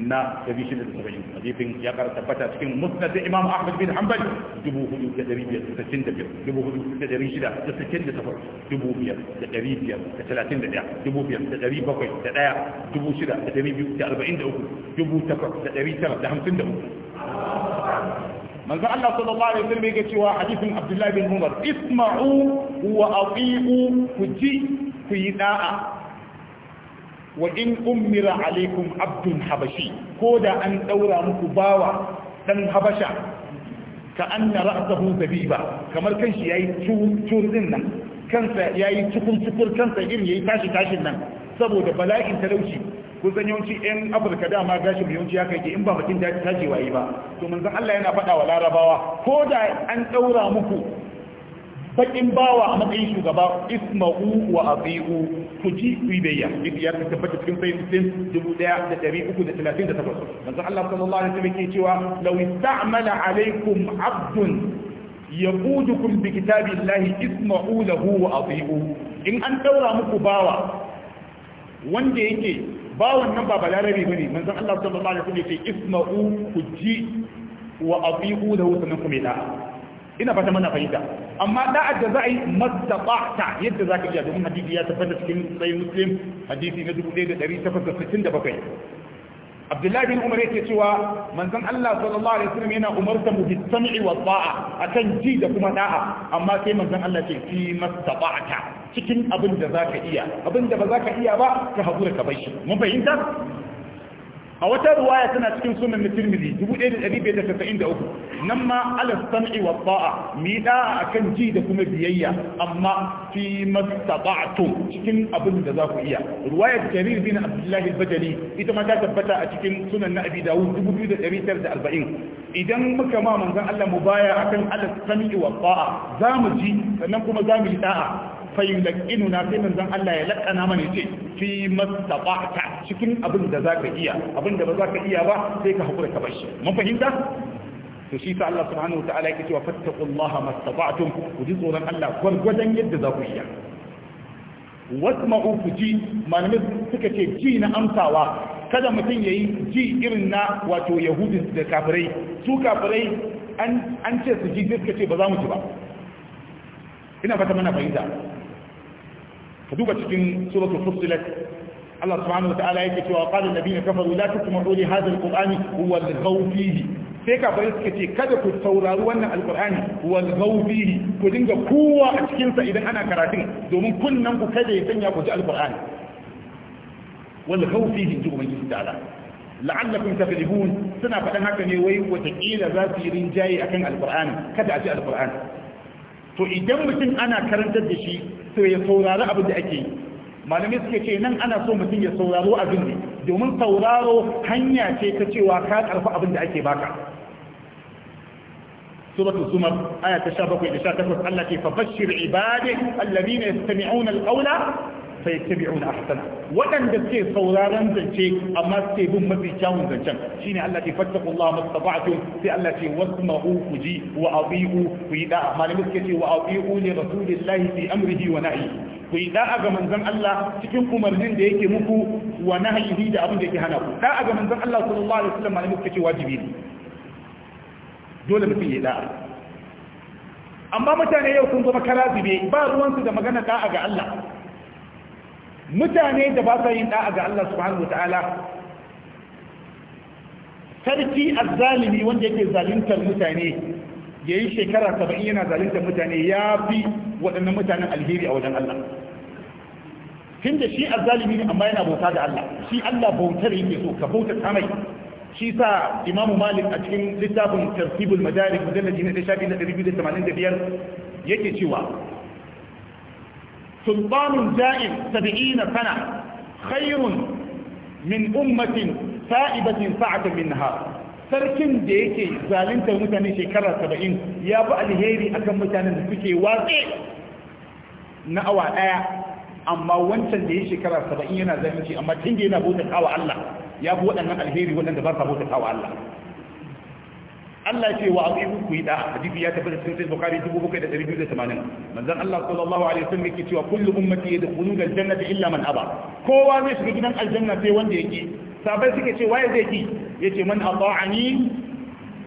na 670 hadisin ya kara tabbata cikin musnad imam ahmad bin hanbal uku. manzo Allah sallallahu alaihi wasallam yake cewa hadisin Abdullah bin Umar isma'u wa ati'u ku ji ku yi da'a wa in ummira alaikum abdun habashi ko da an daura muku bawa dan habasha ka anna ra'sahu zabiba kamar kanshi yayi cur din nan kansa yayi cikin cikin kansa irin yayi tashi tashin nan saboda bala'in talauci kun san yawanci yan afirka dama gashin yawanci ya kai in ba mutum ta wa yi ba to manzon Allah yana faɗa wa larabawa ko da an ɗaura muku bakin bawa a matsayin shugaba isma'u wa abi'u ku ji ku biyayya duk ya tabbata cikin sayin dubu daya da dari uku da talatin da takwas manzo Allah sallallahu alaihi wasallam ke cewa law ista'mala alaikum abdun yaqudukum bi kitabillahi isma'u lahu wa abi'u in an daura muku bawa wanda yake bawan nan ba balarabi bane manzo Allah sallallahu alaihi wasallam ke isma'u ku ji wa abi'u lahu sannan ku mai da'a ina fata mana fahimta amma da'ad da za a yi mastata'ta yadda za ka iya domin hadisi ya tabbata cikin tsayin muslim hadisi na 1867 abdullahi bin umar yake cewa manzon Allah sallallahu alaihi wasallam yana umarta mu bisam'i wa ta'a akan ji da kuma da'a amma sai manzan Allah ce fi mastata'ta cikin abin da za ka iya abin da ba za ka iya ba ka haƙura ka bar shi mun fahimta a wata ruwaya tana cikin sunan tirmidhi 1593 nan ma ala wa ta'a mi da akan ji da kuma biyayya amma fi mastata'tum cikin abin da za ku iya ruwayar jarir bin abdullahi al-badali ita ma ta tabbata a cikin sunan na abi 2940 idan muka ma manzon Allah mu baya akan ala sam'i wa za mu ji sannan kuma zamu yi da'a fayulaqinuna sai manzon Allah ya lakana mana ce fi mastata'ta cikin abin da zaka iya abin da ba zaka iya ba sai ka hakura ka bar shi mun fahimta to shi sa Allah subhanahu wataala yake cewa fattaqullaha mastata'tum ku ji tsoron Allah gwargwadon yadda za ku iya wasma'u ku ji malamai suka ce ji na amsawa kada mutum ya yi ji irin na wato yahudi da kafirai su kafirai an ce su ji suka ce ba za mu ji ba ina fata mana fahimta ka duba cikin suratul fussilat Allah subhanahu wa ta'ala yake cewa qala alladhina kafaru la tusma'u li hadha alqur'ani huwa al-ghaw fihi sai kafare suka ce kada ku saurari wannan alqur'ani wal ghaw fihi ku dinga kowa a cikin sa idan ana karatun domin kunnan ku kada ya sanya ku ji alqur'ani wal ghaw ji ubangiji ta'ala la'allakum taflihun suna faɗan haka ne wai watakila za su yi rinjaye akan alqur'ani kada a ji alqur'ani to idan mutum ana karantar da shi to ya saurari abin da ake yi malamai suke ce nan ana so mutum ya sauraro abin ne domin sauraro hanya ce ta cewa ka karfi abin da ake baka suratul zumar aya ta 17 da 18 Allah ke fa bashir ibadi alladhina yastami'una al-qawla sai tabi'un ahsana waɗanda suke sauraron zance amma suke bin mafi kyawun zancen shine Allah ke tafa mastata'tum sai Allah ce wasu ku ji wa abi'u ku yi da'a malamin suke ce wa su li lahi fi amrihi wa na'i ku yi da'a ga manzan Allah cikin umarnin da yake muku wa nahyihi da abin da yake hana ku da'a ga manzan Allah sallallahu alaihi wasallam malamin suke ce wajibi ne dole mutum ya da'a amma mutane yau sun zama karazibe ba ruwansu da magana da'a ga Allah mutane da ba sa yin da'a ga Allah subhanahu wataala sarki azzalimi wanda yake zaluntar mutane ya yi shekara saba'in yana zaluntar mutane ya fi waɗannan mutanen alheri a wajen Allah tun da shi azzalimi ne amma yana bauta da Allah shi Allah bautar yake so ka bauta ta mai shi sa imamu malik a cikin littafin tartibul madarik mujallaji na shafi na 285 yake cewa سلطان جائر سبعين سنة خير من أمة سائبة ساعة منها sarkin da yake zalintar mutane shekara saba'in ya fi alheri akan mutanen da suke watsi na awa ɗaya amma wancan da ya shekara saba'in yana zalunci amma tun da yana bautar kawa Allah ya fi waɗannan alheri waɗanda ba sa bautar kawa Allah Allah ce wa aqimu ku yi da hadisi ya tabbata cikin biyu da tamanin manzon Allah sallallahu alaihi wasallam yake cewa kullu ummati yadkhuluna aljannata illa man aba kowa zai shiga gidan aljanna sai wanda yake sabai suke ce waye zai ki yace man ata'ani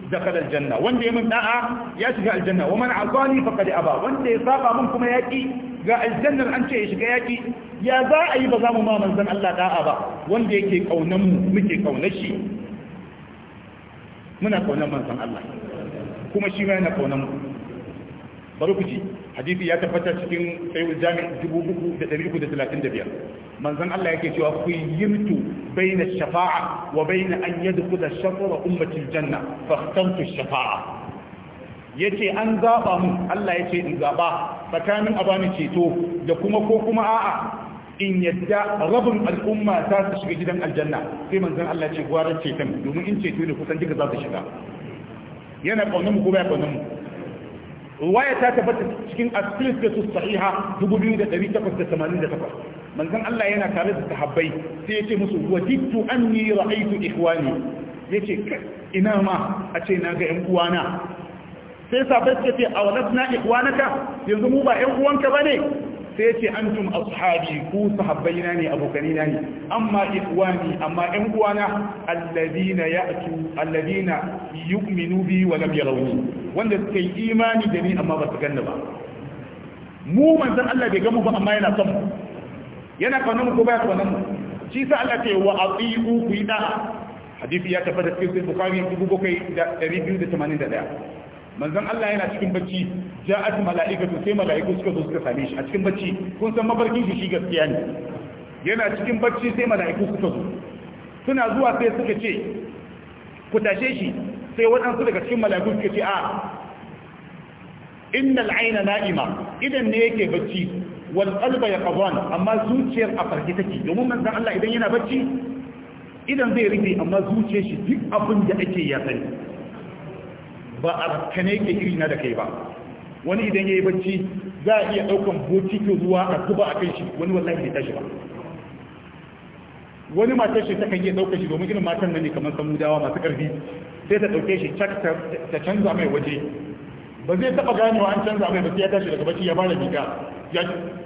dakhala aljanna wanda ya min da'a ya shiga aljanna wa man asani faqad aba wanda ya saba mun kuma yaki ga aljannar an ce ya shiga yaki ya za a yi ba za mu ma manzon Allah da'a ba wanda yake kaunan mu muke kaunar shi muna kaunar manzon Allah kuma shi ma yana kaunar mu bari ku ji hadisi ya tabbata cikin sayyid jami' 3335 manzon Allah yake cewa ku yimtu baina shafa'a wa baina an yadkhula shatra ummati aljanna fakhtamtu shafa'a yace an zaba mu Allah yace in zaba tsakanin abani ceto da kuma ko kuma a'a in yadda rabin al'umma za su shiga gidan aljanna sai manzan Allah ce gwarar ceton domin in ceto ne kusan duka za su shiga yana ƙaunin mu kuma ya ƙaunin mu ruwaya ta tabbata cikin asilis da su sahiha 2888 manzan Allah yana tare da sahabbai sai ya ce musu wajittu anni ra'aytu ikhwani yace ina ma a ce na ga ƴan uwana sai sahabbai ce a walabna ikhwanaka yanzu mu ba ƴan uwanka ba ne. sai ce an tun antum ashabi ku sahabbaina ne abokanina ne amma ikwani amma ɗan uwana alladina ya'tu alladina yi minubi wa lam yarawni wanda suka yi imani da ni amma ba su ganna ba mu manzon Allah bai gamu ba amma yana son mu yana kaunar mu ko baya kaunar mu shi sa Allah ce wa atiu ku yi da hadisi ya tabbata cikin Bukhari 2281 manzon Allah yana cikin bacci ja'at mala'ikatu sai mala'iku suka zo suka same shi a cikin bacci kun san mabarkin shi shi gaskiya ne yana cikin bacci sai mala'iku suka zo suna zuwa sai suka ce ku tashe shi sai waɗansu daga cikin mala'iku suka ce a innal aina na'ima idan ne yake bacci wal qalba yaqwan amma zuciyar a farke take domin manzon Allah idan yana bacci idan zai rufe amma zuciyar shi duk abin da ake ya sani ba a kane ke iri na da kai ba wani idan yayi bacci za a iya ɗaukan bokitin ruwa a zuba a kan shi wani wallahi bai tashi ba wani matar shi ta kan iya daukar shi domin irin matan nan ne kamar samudawa masu ƙarfi sai ta ɗauke shi cak ta canza mai waje ba zai taba ganewa an canza mai ba sai ya tashi daga bacci ya fara bika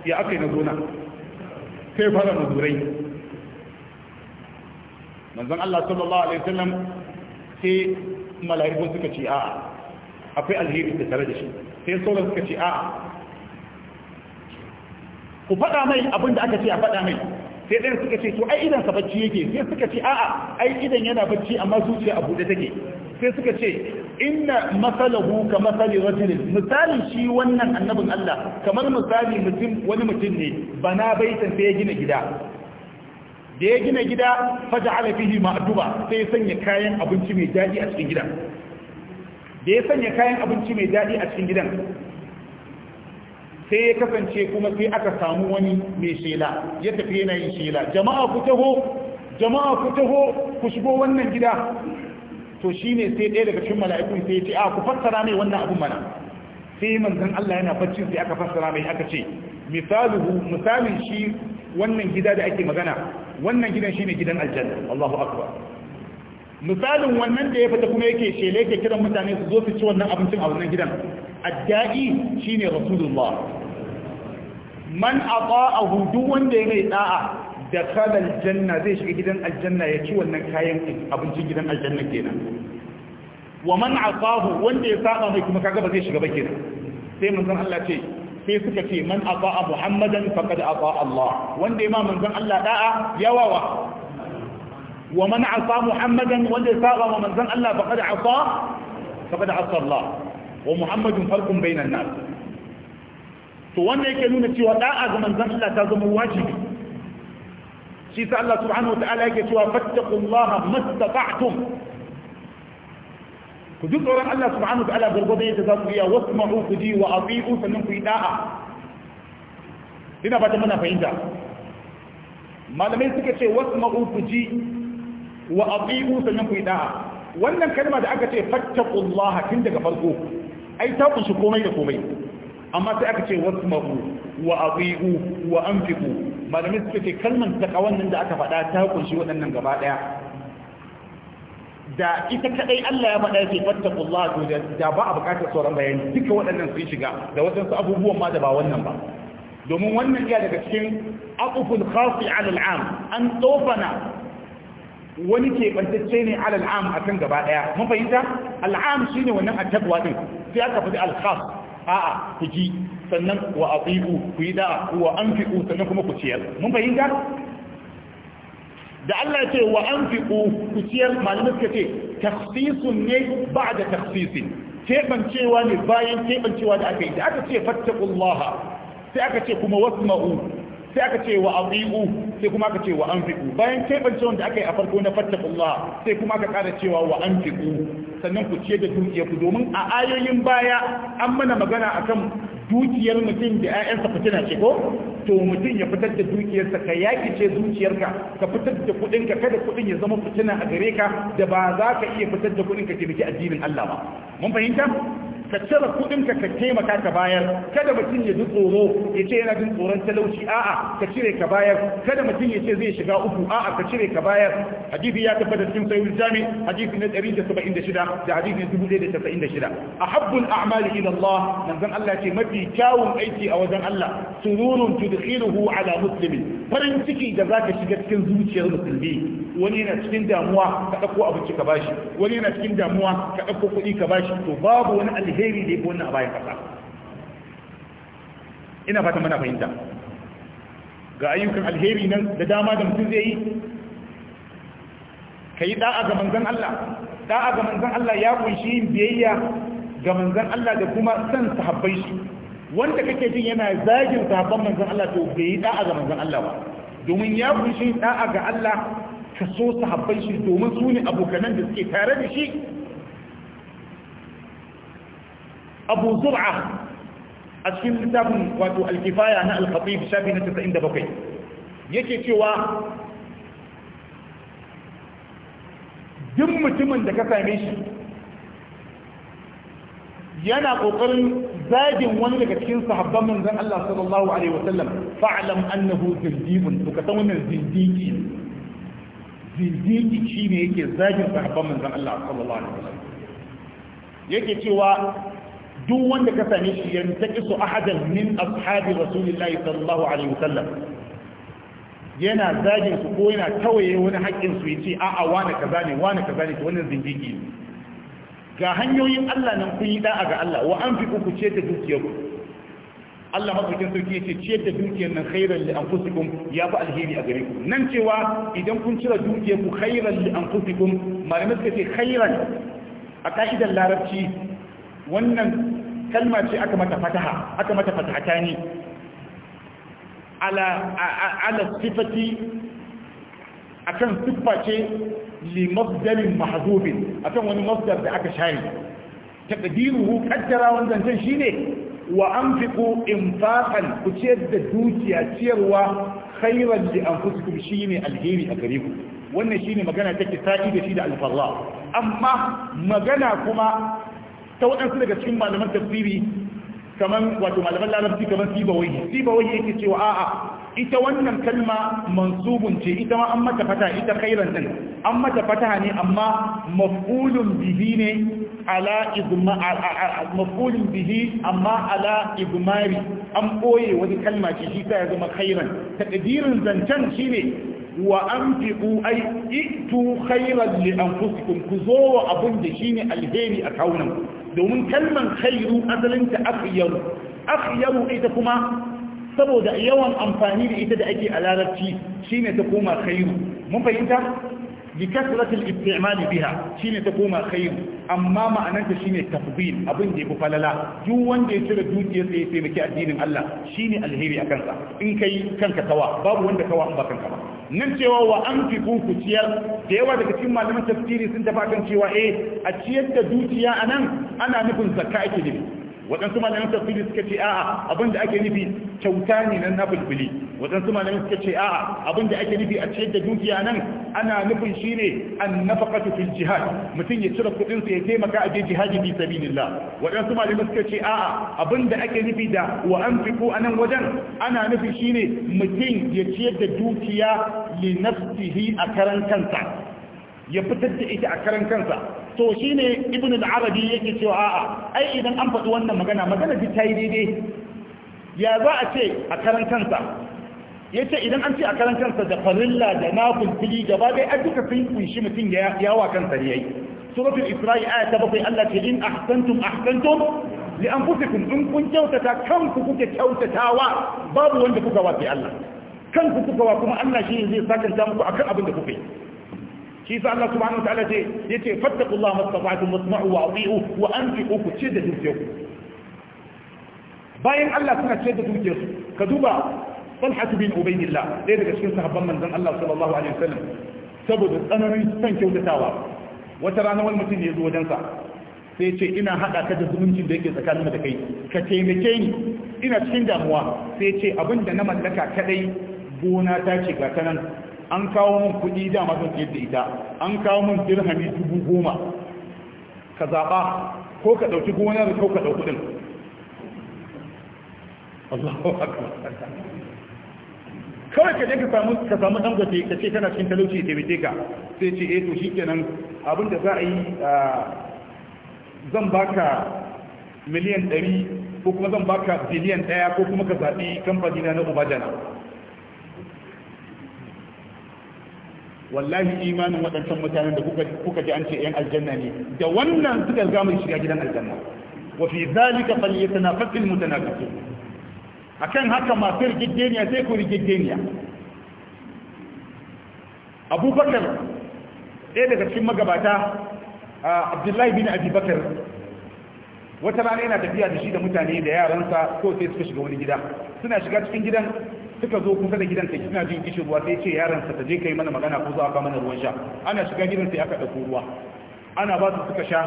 ya aka yi na zona sai fara mazurai manzon Allah sallallahu alaihi wasallam sai mala'ikun suka ce a'a akwai alheri da tare da shi sai sauran suka ce a'a ku faɗa mai abin da aka ce a faɗa mai sai ɗaya suka ce to ai idan ka bacci yake sai suka ce a'a ai idan yana bacci amma zuciya a buɗe take sai suka ce inna masalahu ka masali rajul misalin shi wannan annabin Allah kamar misali mutum wani mutum ne bana baitan sai ya gina gida da ya gina gida faja'ala fihi ma'duba sai ya sanya kayan abinci mai daɗi a cikin gidan da ya sanya kayan abinci mai daɗi a cikin gidan sai ya kasance kuma sai aka samu wani mai shela ya tafi yana yin shela jama'a ku taho jama'a ku taho ku shigo wannan gida to shine sai ɗaya daga cikin mala'iku sai ya ce a ku fassara mai wannan abin mana sai manzon Allah yana bacci sai aka fassara mai aka ce Misalihu, misalin shi wannan gida da ake magana wannan gidan shine gidan aljanna Allahu akbar misalin wannan da ya fita kuma yake shele yake kiran mutane su zo su ci wannan abincin a wannan gidan addai shine rasulullah man ata'ahu duk wanda ya mai da'a da kalal janna zai shiga gidan aljanna ya ci wannan kayan abincin gidan aljanna kenan wa man asahu wanda ya saba mai kuma kaga ba zai shiga ba kenan sai manzon Allah ce sai suka ce man asaa muhammadan faqad asaa Allah wanda ya ma manzon Allah da'a yawawa wa man asa muhammadan wanda ya saba wa manzon Allah faqad asa faqad asa Allah wa muhammadun farqun bainan nas to wanda yake nuna cewa da'a ga manzon Allah ta zama wajibi shi sa Allah subhanahu wa ta'ala yake cewa fattaqullaha mastata'tum ku ji tsoron Allah subhanahu wa ta'ala gargwado yadda za ku iya wasu ma'u ku ji wa abi'u sannan ku yi da'a ina ba ta muna fahimta malamai suka ce wasu ma'u ji wa abi'u sannan ku yi da'a wannan kalma da aka ce fattakullah tun daga farko ai ta kunshi komai da komai amma sai aka ce wasu ma'u wa abi'u wa anfiku malamai suka ce kalman ta kawannin da aka faɗa ta kunshi waɗannan gaba ɗaya da ita kadai Allah ya faɗa yake fattakullah to da ba a buƙatar sauran bayani duka waɗannan sun shiga da wasu abubuwan ma da ba wannan ba domin wannan iya daga cikin aquful khasi ala al'am an tofana wani keɓantacce ne ala al'am akan gaba ɗaya mun fahimta al'am shine wannan attaqwa din sai aka faɗi al a'a ku ji sannan wa atiqu ku yi da'a wa anfiqu sannan kuma ku ciyar mun fahimta da Allah ce wa fi ku ciyar malamai suka ce takhsisun ne ba da takhsisin keɓancewa ne bayan keɓancewa da aka yi da aka ce fattaqullaha sai aka ce kuma wasma'u sai aka ce wa abi'u sai kuma aka ce wa anfiqu bayan kebance wanda aka yi a farko na Allah sai kuma aka kara cewa wa anfiqu sannan ku ciye da dukiyar ku domin a ayoyin baya an mana magana akan dukiyar mutum da ayyansa fitina ce ko to mutum ya fitar da dukiyarsa ka yaki ce zuciyarka ka fitar da kuɗin ka kada kuɗin ya zama fitina a gare ka da ba za ka iya fitar da kuɗin ka ke taimaki addinin Allah ba mun fahimta ka cire kuɗin ka taimaka ka bayar kada mutum ya ji tsoro ya ce yana jin tsoron talauci a'a ka cire ka bayar kada mutum ya ce zai shiga uku a'a ka cire ka bayar hadisi ya tabbata cikin sahih jami hadisi na 176 da hadisi na 1096 ahabbul a'mali ila Allah manzon Allah ce mafi kyawun aiki a wajen Allah sururun tudkhiluhu ala muslimin farin ciki da zaka shiga cikin zuciyar musulmi wani yana cikin damuwa ka dauko abinci ka bashi wani yana cikin damuwa ka dauko kuɗi ka bashi to babu wani alheri alheri da ya wannan a bayan kasa ina fata mana fahimta ga ayyukan alheri nan da dama da mutum zai yi ka yi da'a ga manzan Allah da'a ga manzan Allah ya kunshi yin biyayya ga manzan Allah da kuma san sahabbai shi wanda kake jin yana zagin sahabban manzan Allah to bai yi da'a ga manzan Allah ba domin ya kunshi da'a ga Allah ka so sahabbai shi domin su ne abokanan da suke tare da shi abu zur'a a cikin littafin wato alkifaya na alkhatib shafi na 97 yake cewa duk mutumin da ka same shi yana kokarin zagin wani daga cikin sahabban manzon Allah sallallahu alaihi wasallam fa'lam annahu zindibun to ka san wannan zindiki zindiki shine yake zagin sahabban manzon Allah sallallahu alaihi wasallam yake cewa duk wanda ka same shi ya taki su ahadan min ashabi rasulillahi sallallahu alaihi wasallam yana zagin su ko yana tawaye wani haƙƙin su yace a a wani kaza ne wani kaza ne wani wannan zindigi ga hanyoyin Allah nan kun yi da'a ga Allah wa an fi ku ce ta dukiyar ku Allah madaukakin sarki yace ce ta dukiyar nan khairan li kusikun ya fi alheri a gare ku nan cewa idan kun cire dukiyar ku khairan li kusikun, malamai suka ce khairan a ka'idar larabci wannan kalma ce aka mata fataha aka mata fatahatani ala ala sifati akan siffa ce li mafdalin mahzubin akan wani mafdal da aka share taqdiruhu qaddara wannan tan shine wa anfiqu infaqan ku ciyar da dukiya ciyarwa khairan li anfusikum shine alheri a gare ku wannan shine magana take sa'i da shi da alfarra amma magana kuma ta waɗansu daga cikin malaman tafsiri kamar wato malaman larabci kaman sibawai sibawai yake cewa a'a ita wannan kalma mansubun ce ita ma an mata fata ita khairan din an mata fata ne amma maf'ulun bihi ne ala izma maf'ulun bihi amma ala igmari an boye wani kalma ce shi ta ya zama khairan takdirin zancen shine wa anfiqu ay itu khairan li anfusikum ku zo wa abun da shine alheri a kawunan domin kalman khairu asalinta akhyaru akhyaru ita kuma saboda yawan amfani da ita da ake a larabci shine ta koma khairu mun fahimta bi kasratil istimali biha shine ta koma khairu amma ma'anarta shine tafdil abin da fi falala duk wanda ya cire dukiyar sa ya taimaki addinin Allah shine alheri a kansa in kai kanka tawa babu wanda tawa in ba kanka ba nan cewa wa an fi ku ciyar da yawa daga cikin malaman tafsiri sun tafi kan cewa eh a ciyar da dukiya anan ana nufin zakka ake nufi waɗansu malamin tafsiri suka ce a'a abin da ake nufi kyauta ne na nafilfili waɗansu malamin suka ce a'a abin da ake nufi a ciyar da dukiya nan ana nufin shine an nafaqatu fil jihad mutum ya cire kuɗin sa ya taimaka a je jihadi fi sabilillah waɗansu malamin suka ce a'a abin da ake nufi da wa anfiqu anan wajen ana nufi shine mutum ya ciyar da dukiya li nafsihi a karan kansa ya fitar da ita a karan kansa to shine ibn al-arabi yake cewa a'a ai idan an faɗi wannan magana magana bi ta yi daidai ya za a ce a karan kansa yace idan an ce a karan kansa da farilla da nafil fili gaba dai a duka sun kunshi mutum ya yawa kansa ne yayi suratul isra'i aya ta bakwai Allah ce in ahsantum ahsantum li anfusikum in kun kyautata kanku kuke kyautatawa babu wanda kuka wafi Allah kanku kuka wa kuma Allah shi zai sakanta muku akan abin da kuke shi sa Allah subhanahu wataala ce yace fattaqullaha mastata'tum wasma'u wa ati'u wa anfiqu ku da dukiyarku bayan Allah suna ce da dukiyarsu ka duba Talha bin Ubaydillah ɗaya daga cikin sahabban manzon Allah sallallahu alaihi wasallam saboda tsananin son kyautatawa wata rana wani mutum ya zo sa, sai ce ina haɗa ka da zumuncin da yake tsakanin da kai ka taimake ni ina cikin damuwa sai ce abin da na mallaka kadai gona ta ce ga kanan an kawo mun kuɗi dama zan siyar da ita an kawo mun dirhami dubu goma ka zaɓa ko ka ɗauki da ko ka ɗauki ɗin Allahu akbar kawai ka je ka samu ka samu dan gace ka ce kana cikin talauci ya taimake ka sai ce eh to shikenan abin da za a yi zan baka miliyan ɗari, ko kuma zan baka biliyan ɗaya, ko kuma ka zaɓi kamfani na na Ubajana wallahi imanin waɗancan mutanen da kuka ji an ce ‘yan aljanna ne da wannan suka mai shiga gidan aljanna wafi zalika falyata na fasil mutana kafe a kan haka masu rigiddeniya sai ku rigiddeniya abubakar ɗaya daga cikin magabata abdullahi bin abubakar wata rana yana tafiya da shi da mutane da yaransa ko sai suka shiga wani gida suna shiga cikin gidan suka zo kusa da gidan ta kina jin kishin ruwa sai ce yaron sa ta je kai mana magana ko za ka mana ruwan sha ana shiga gidan sai aka dauko ruwa ana ba su suka sha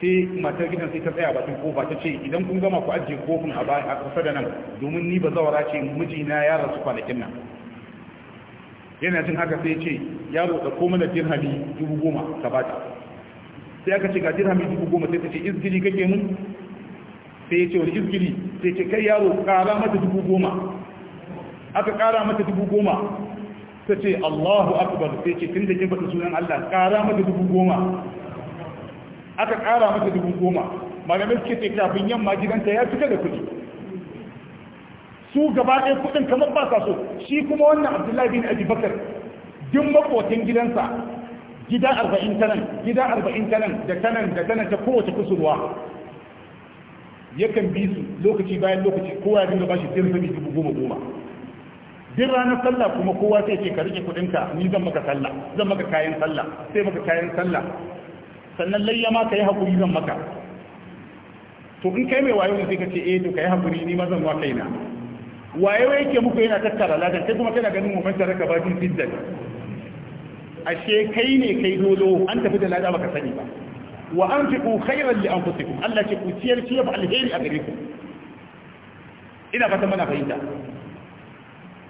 sai matar gidan sai ta tsaya bakin kofa ta ce idan kun gama ku ajiye kofin a baya a kusa da nan domin ni ba zawara ce mijina ya rasu kwanakin nan yana jin haka sai ce yaro da ko da dirhami dubu goma ka bata sai aka ce ga dirhami dubu goma sai ta ce izgiri kake mun sai ya ce wani izgiri sai ce kai yaro kara mata dubu goma aka kara mata dubu goma ta ce Allahu akbar sai ce tun da kin faɗi sunan Allah kara mata dubu goma aka kara mata dubu goma malamai suke ce kafin yamma gidanta ya fita da kuɗi su gaba ɗaya kuɗin kamar ba sa so shi kuma wannan Abdullahi bin Abi Bakar duk makotan gidansa gida arba'in ta nan gida arba'in ta nan da ta nan da ta nan ta kowace kusurwa yakan bi su lokaci bayan lokaci kowa ya dinga ba shi dirhami dubu goma goma duk ranar sallah kuma kowa sai ce ka rike kudinka ni zan maka sallah zan maka kayan sallah sai maka kayan sallah sannan layya ma ka yi hakuri zan maka to in kai mai wayo ne sai ka ce eh to ka yi hakuri ni ma zan wa kaina wayo ke muku yana tattara ladan sai kuma kana ganin mummanta raka ba din fiddal ashe kai ne kai dolo an tafi da lada baka sani ba wa anfiqu khayran li anfusikum Allah ce ku ciyar ciyar alheri a gare ku ina fata mana fahimta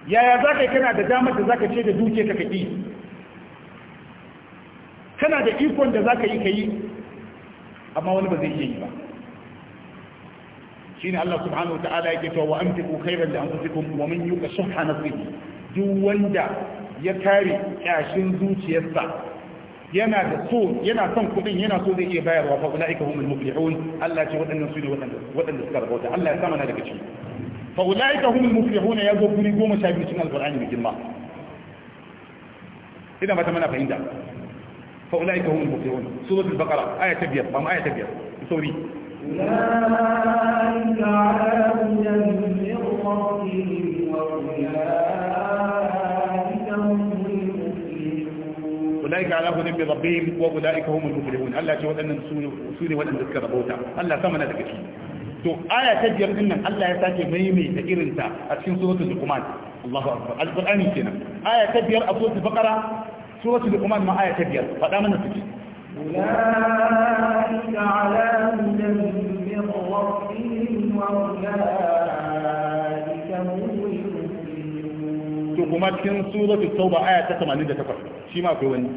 yaya za ka yi kana da damar da za ka ce da duke ka kaɗi? kana da ikon da za ka yi ka yi amma wani ba zai iya yi ba shi ne Allah subhanahu wa ta'ala yake cewa wa amtiku khairan da an anfusikum wa man yuqa shuhha nafsihi duk wanda ya kare kyashin zuciyarsa yana da so yana son kuɗin yana so zai iya bayarwa fa ulaika humul muflihun Allah ce waɗannan su ne waɗanda suka rabauta Allah ya samana daga ciki فأولئك هم المفلحون يا يغفرقوا مشابهتنا القرآن بجمع إذا ما تمنى فإن فأولئك هم المفلحون سورة البقرة آية تبير ما آية تبير سوري أولئك على أولئك على هدى من ربهم وأولئك هم المفلحون ألا شهد أن نسوني وأن تذكر بوتا ألا ثمن ذكر to aya ta biyar din nan Allah ya sake maimaita irin ta a cikin suratul luqman Allahu akbar alqur'ani kenan aya ta biyar a suratul baqara suratul luqman ma aya ta biyar fada mana su أولئك على هدى من ربهم وأولئك هم المفلحون. تقوم بكن سورة التوبة آية 88 akwai wani.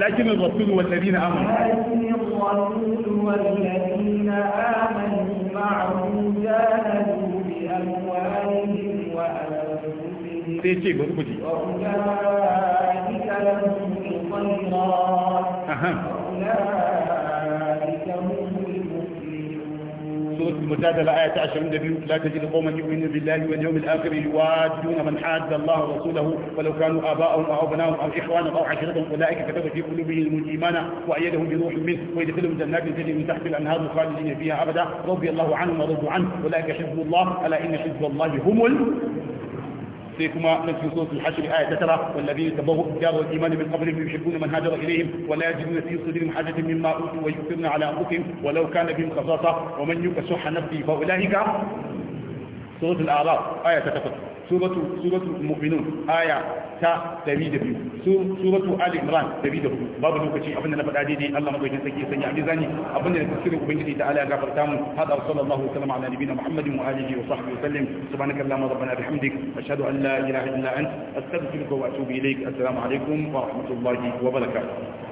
لكن الرسول والذين آمنوا لكن الرسول والذين آمنوا معه جاهدوا بأموالهم وأنفسهم وأولئك لهم الخيرات أولئك المجادلة آية دبيوت لا تجد قوما يؤمنون بالله واليوم الآخر يوادون من حاد الله ورسوله ولو كانوا آباءهم أو أبناءهم أو إخوانهم أو عشيرتهم أولئك كتب في قلوبهم الإيمان وأيدهم بروح منه ويدخلهم جنات تجري من تحت الأنهار خالدين فيها أبدا رضي الله عنهم ورضوا عنه أولئك حزب الله ألا إن حزب الله هم سيكما نفس سورة الحشر آية تترى والذين تبوء الكتاب والإيمان من قبلهم يحبون من هاجر إليهم ولا يجدون في صدرهم حاجة مما أوتوا ويؤثرون على أنفسهم ولو كان بهم خصاصة ومن يوق شح نفسه فأولئك سورة الأعراف آية تتفق suratu suratu mu'minun aya ta 102 suratu ali imran 104 babu lokaci abinda na faɗa daidai Allah madaukakin sanya a mizani abinda da tafsirin ubangiji ta ala gafarta mu hada sallallahu alaihi wa ala nabiyina muhammadin wa alihi wa sahbihi wa sallam subhanaka allahumma rabbana bihamdik ashhadu an la ilaha illa anta astaghfiruka wa atubu ilaik assalamu alaikum wa rahmatullahi wa barakatuh